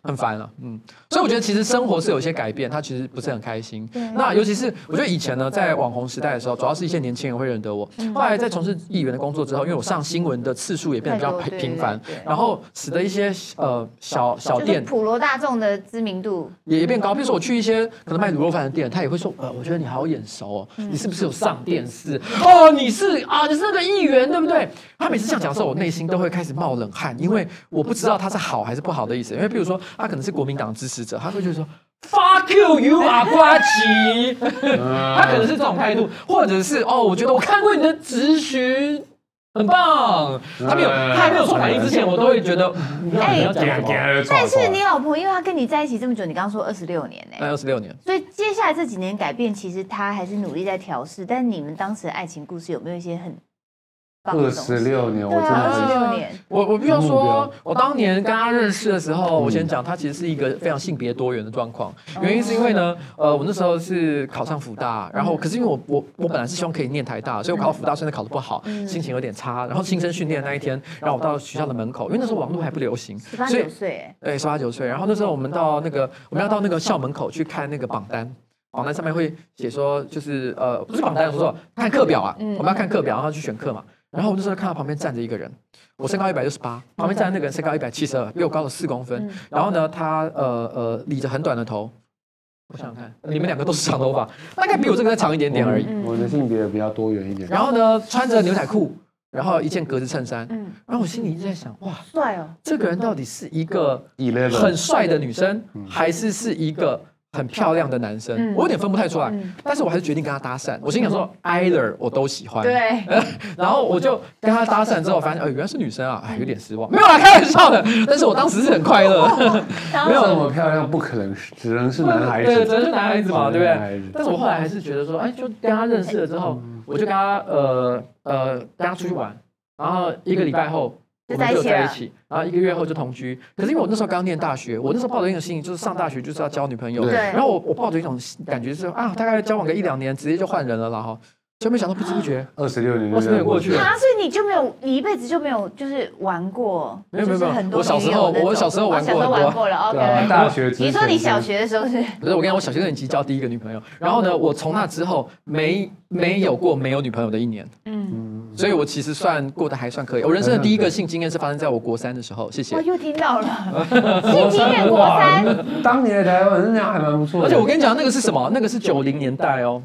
[SPEAKER 3] 很煩了、啊，嗯，所以我覺得其實生活是有一些改變，他其實不是很開心。那尤其是我覺得以前呢，在網紅時代的時候，主要是一些年輕人會認得我。後來在從事議員的工作之後，因為我上新聞的次數也變得比較頻繁，對對對對，然後使得一些呃小小店普
[SPEAKER 1] 羅大眾的知名度也也變高。比如說我去一
[SPEAKER 3] 些可能賣滷肉飯的店，他也會說：“呃，我覺得你好眼熟哦，嗯、你是不是有上電視？哦，你是
[SPEAKER 1] 啊，你是那個議員，對不對？”
[SPEAKER 3] 他每次這樣講的時候，我內心都會開始冒冷汗，因為我不知道他是好還是不好的意思。因為比如說。他可能是國民黨支持者，他會就說、
[SPEAKER 4] 嗯、“fuck you，you you are 呱吉”。
[SPEAKER 3] 他可能是這種態度，或者是哦，我覺得我
[SPEAKER 1] 看過你的質詢，很棒。
[SPEAKER 3] 嗯、他沒有、嗯，他還沒有說反應之前、嗯，我都會覺得哎、嗯欸，但是你
[SPEAKER 1] 老婆，因為她跟你在一起這麼久，你剛剛說二十六年呢、欸，
[SPEAKER 3] 二十六年。
[SPEAKER 1] 所以接下來這幾年改變，其實他還是努力在調適。但你們當時的愛情故事有沒有一些很？二十六年，啊、我真的、啊啊、我我必須說，
[SPEAKER 3] 我當年跟他認識的時候，嗯、我先講，他其實是一個非常性別多元的狀況、嗯。原因是因為呢，呃，我那時候是考上輔大、嗯，然後可是因為我我我本來是希望可以念台大，嗯、所以我考到輔大、嗯，現在考得不好、嗯，心情有點差。然後新生訓練那一天，然後我到了學校的門口，因為那時候網絡還不流行，十八九歲，對，十八九歲。然後那時候我們到那個我們要到那個校門口去看那個榜單，榜單上面會寫說，就是呃，不是榜單，我、嗯、說看課表啊、嗯，我們要看課表，然後去選課嘛。然後我就在看到旁邊站着一個人，我身高一百六十八，旁邊站的那個人身高一百七十二，比我高了四公分，嗯。然後呢，他呃呃理着很短的頭，
[SPEAKER 2] 我想想
[SPEAKER 3] 看你們兩個都是長頭髮，大概比我這個再長一點點而已。我，我
[SPEAKER 2] 的性別比較多元一
[SPEAKER 4] 點。
[SPEAKER 3] 然後呢，穿着牛仔褲，然後一件格子襯衫。嗯，然後我心裡一直在想，哇，帥哦，這個人到底是一個很帥的女生，還是是一個？很漂亮的男生、嗯，我有點分不太出來、嗯，但是我還是決定跟他搭訕。嗯、搭訕我心想說，either 我都喜
[SPEAKER 2] 歡，對、嗯。然後我就跟他搭訕之後，發現哦原來是女生啊，哎、有點失望，嗯、沒有啦、啊，開玩笑的。但是我當時是很快樂，嗯、呵呵沒有那麼漂亮，不可能，只能，、嗯只能，只能是男孩子，對，只能是男孩子嘛，對不對？
[SPEAKER 3] 但是我後來還是覺得說，哎，就跟他認識了之後，嗯、我就跟他呃呃，大、呃、家出去玩，然後一個禮拜後。就在一起啊，一，起然後一個月後就同居。可是因為我那時候剛念大學，我那時候抱着一種心情，就是上大學就是要交女朋友。對。然後我我抱着一種感覺，就是啊，大概交往個一兩年，直接就換人了了哈。就沒想到不知不覺
[SPEAKER 2] 二十六年，二十六年過去了
[SPEAKER 1] 啊！所以你就沒有，你一輩子就沒有就是玩過？沒有沒有沒有、就是、很多有。我小時候，我小時候玩過，小時候玩過了。OK。大學之前。你說你小學的時候是？不是，我跟你講
[SPEAKER 3] 我小學一年級交第一個女朋友，然後呢，我從那之後沒沒、沒有過沒有女朋友的一年。
[SPEAKER 2] 嗯。
[SPEAKER 3] 所以我其實算過得還算可以。我人生的第一個性經驗是發生在我國三的時候，謝謝。我
[SPEAKER 1] 又聽到了，性經驗，國三，
[SPEAKER 2] 當年真的台灣人家還蠻不錯，
[SPEAKER 1] 而
[SPEAKER 3] 且我跟你講，那個是什麼？那個是九零年代哦。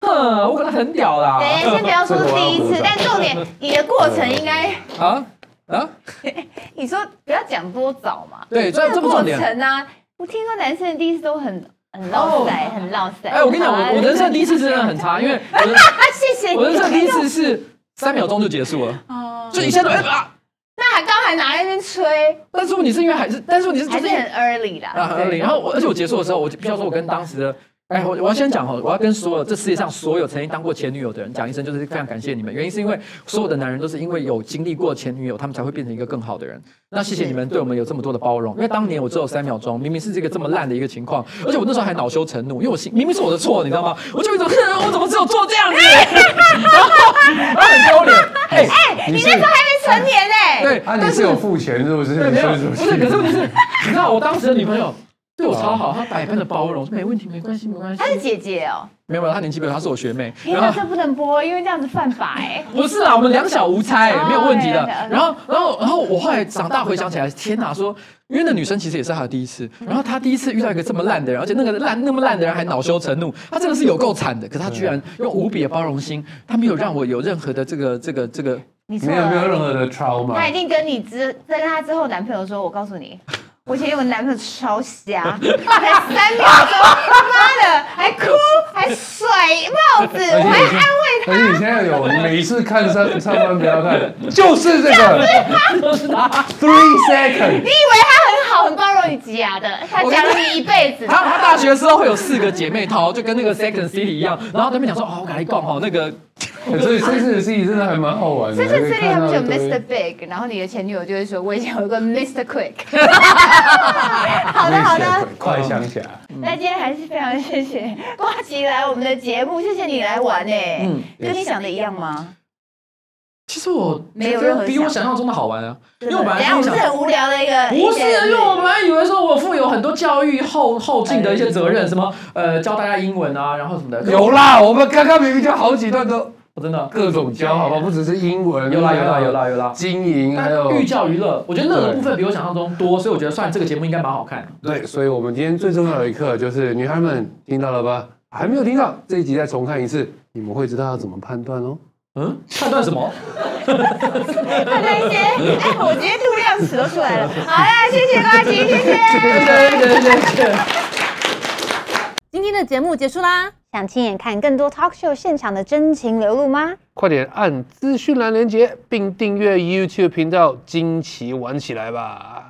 [SPEAKER 1] 哼，我可能很屌啦。哎，先不要
[SPEAKER 4] 說第一次， *laughs* 但重點你的過程應該啊啊，
[SPEAKER 1] 你？你說不要講多早嘛？對，這這不重點。啊、我聽說男生的第一次都很很落賽，很落賽。哎、哦欸，我跟你講，我我的人生
[SPEAKER 3] 第一次真的很差， *laughs* 因為有 *laughs*
[SPEAKER 1] 謝謝。我的人生第一次
[SPEAKER 3] 是。三秒鐘就結束
[SPEAKER 1] 了，就、嗯、一下子、嗯、啊！那還剛還拿在那邊吹，但是你是因為還是，嗯、但是你是，是還是很 early 啦，很、啊、early。然
[SPEAKER 3] 後我而且我結束的時候，我必須要說我跟當時的。哎、欸，我我要先講哦，我要跟所有這世界上所有曾經當過前女友的人講一聲，就是非常感謝你們。原因是因為所有的男人都是因為有經歷過前女友，他們才會變成一個更好的人。那謝謝你們對我們有這麼多的包容，因為當年我只有三秒鐘，明明是這個這麼爛的一個情況，而且我那時候還惱羞成怒，因為我心明明是我的錯，你知道嗎？我就一種，我怎麼只有做這樣子？很、哎哎、丟臉。哎、哎你，你那時候還沒成年嘞。對、啊，你是有
[SPEAKER 2] 付錢，是不是？不是。可是問題是， *laughs* 你知
[SPEAKER 3] 道我當時的女朋友。對我超好，她百般的包容，說
[SPEAKER 1] 沒問題，沒關係，沒關係。她是姐姐
[SPEAKER 3] 哦。沒有他沒有，她年紀比我，她是我學妹。你哪，這
[SPEAKER 1] 不能播，因為這樣子犯法哎。 *laughs* 不是啊，我們兩小無猜，嗯、沒有問題的。然後、嗯，然後，然後我後來長大回想起來，
[SPEAKER 3] 天哪，說因為那女生其實也是她的第一次，然後她第一次遇到一個這麼爛的人，而且那個爛
[SPEAKER 1] 那麼爛的人還惱羞成
[SPEAKER 3] 怒，她真的是有夠慘的。可她居然用無比的包容心，她沒有讓我有任何的這個這個這個，你沒有沒有任何的超 r，她一定跟你之
[SPEAKER 1] 在跟她之後男朋友說，我告訴你。我以前有個男朋友超瞎，才三秒鐘，媽的，還哭，還甩帽子，我還安慰他。你以
[SPEAKER 2] 前有，每次看上上班不要看，就是這個。就
[SPEAKER 1] 是 Three
[SPEAKER 2] seconds。你以為他很好？ *music* 哦、
[SPEAKER 1] 很包容你，假的，他講你一輩子。他他大學的時候
[SPEAKER 3] 會有四
[SPEAKER 2] 個姐妹淘，就跟那個 Second City 一樣。然後他們講說：“哦，我改你逛好那個， *music* 嗯、所以 Second City 真的還蠻好玩的。Second City 還有 Mr.
[SPEAKER 1] Big，然後你的前女友就會說：“我以前有一個 Mr. Quick。 *laughs* 好”好的，好的， *music* 快想起來。那今天還是非常謝謝呱吉來我們的節目，謝謝你來玩哎，嗯，跟你想的一樣嗎？
[SPEAKER 3] 其實我沒有比我想象中的好玩啊，因為本來是
[SPEAKER 1] 想我是很無聊的一個，不是、
[SPEAKER 3] 啊，因為本來以為說我負有很多教育後後進的一些責任，哎、什麼呃教大家英文啊，然後什麼的。有啦，我們剛剛，剛明明就好幾段都，我、哦、真的各
[SPEAKER 2] 種教好，好吧，不只是英文，有啦、啊、有啦有啦有啦，
[SPEAKER 3] 經營還有寓教於樂，我覺得樂的部分比我想象中多，所以我覺得算這個節目應該蠻好看對
[SPEAKER 2] 對。對，所以我們今天最重要的一課就是女孩們聽到了吧？還沒有聽到，這一集再重看一次，你們會知道要怎麼判斷哦。
[SPEAKER 4] 嗯，判斷什麼？判斷一些。哎，我今天度量尺都出來了。 *laughs* 好了，謝謝呱吉，謝謝，
[SPEAKER 1] *laughs* 今天的節目結束啦！想親眼看更多 talk show 現場的真情流露嗎？
[SPEAKER 2] 快點按資訊欄連結，並訂閱 YouTube 頻道，驚奇玩起來
[SPEAKER 4] 吧！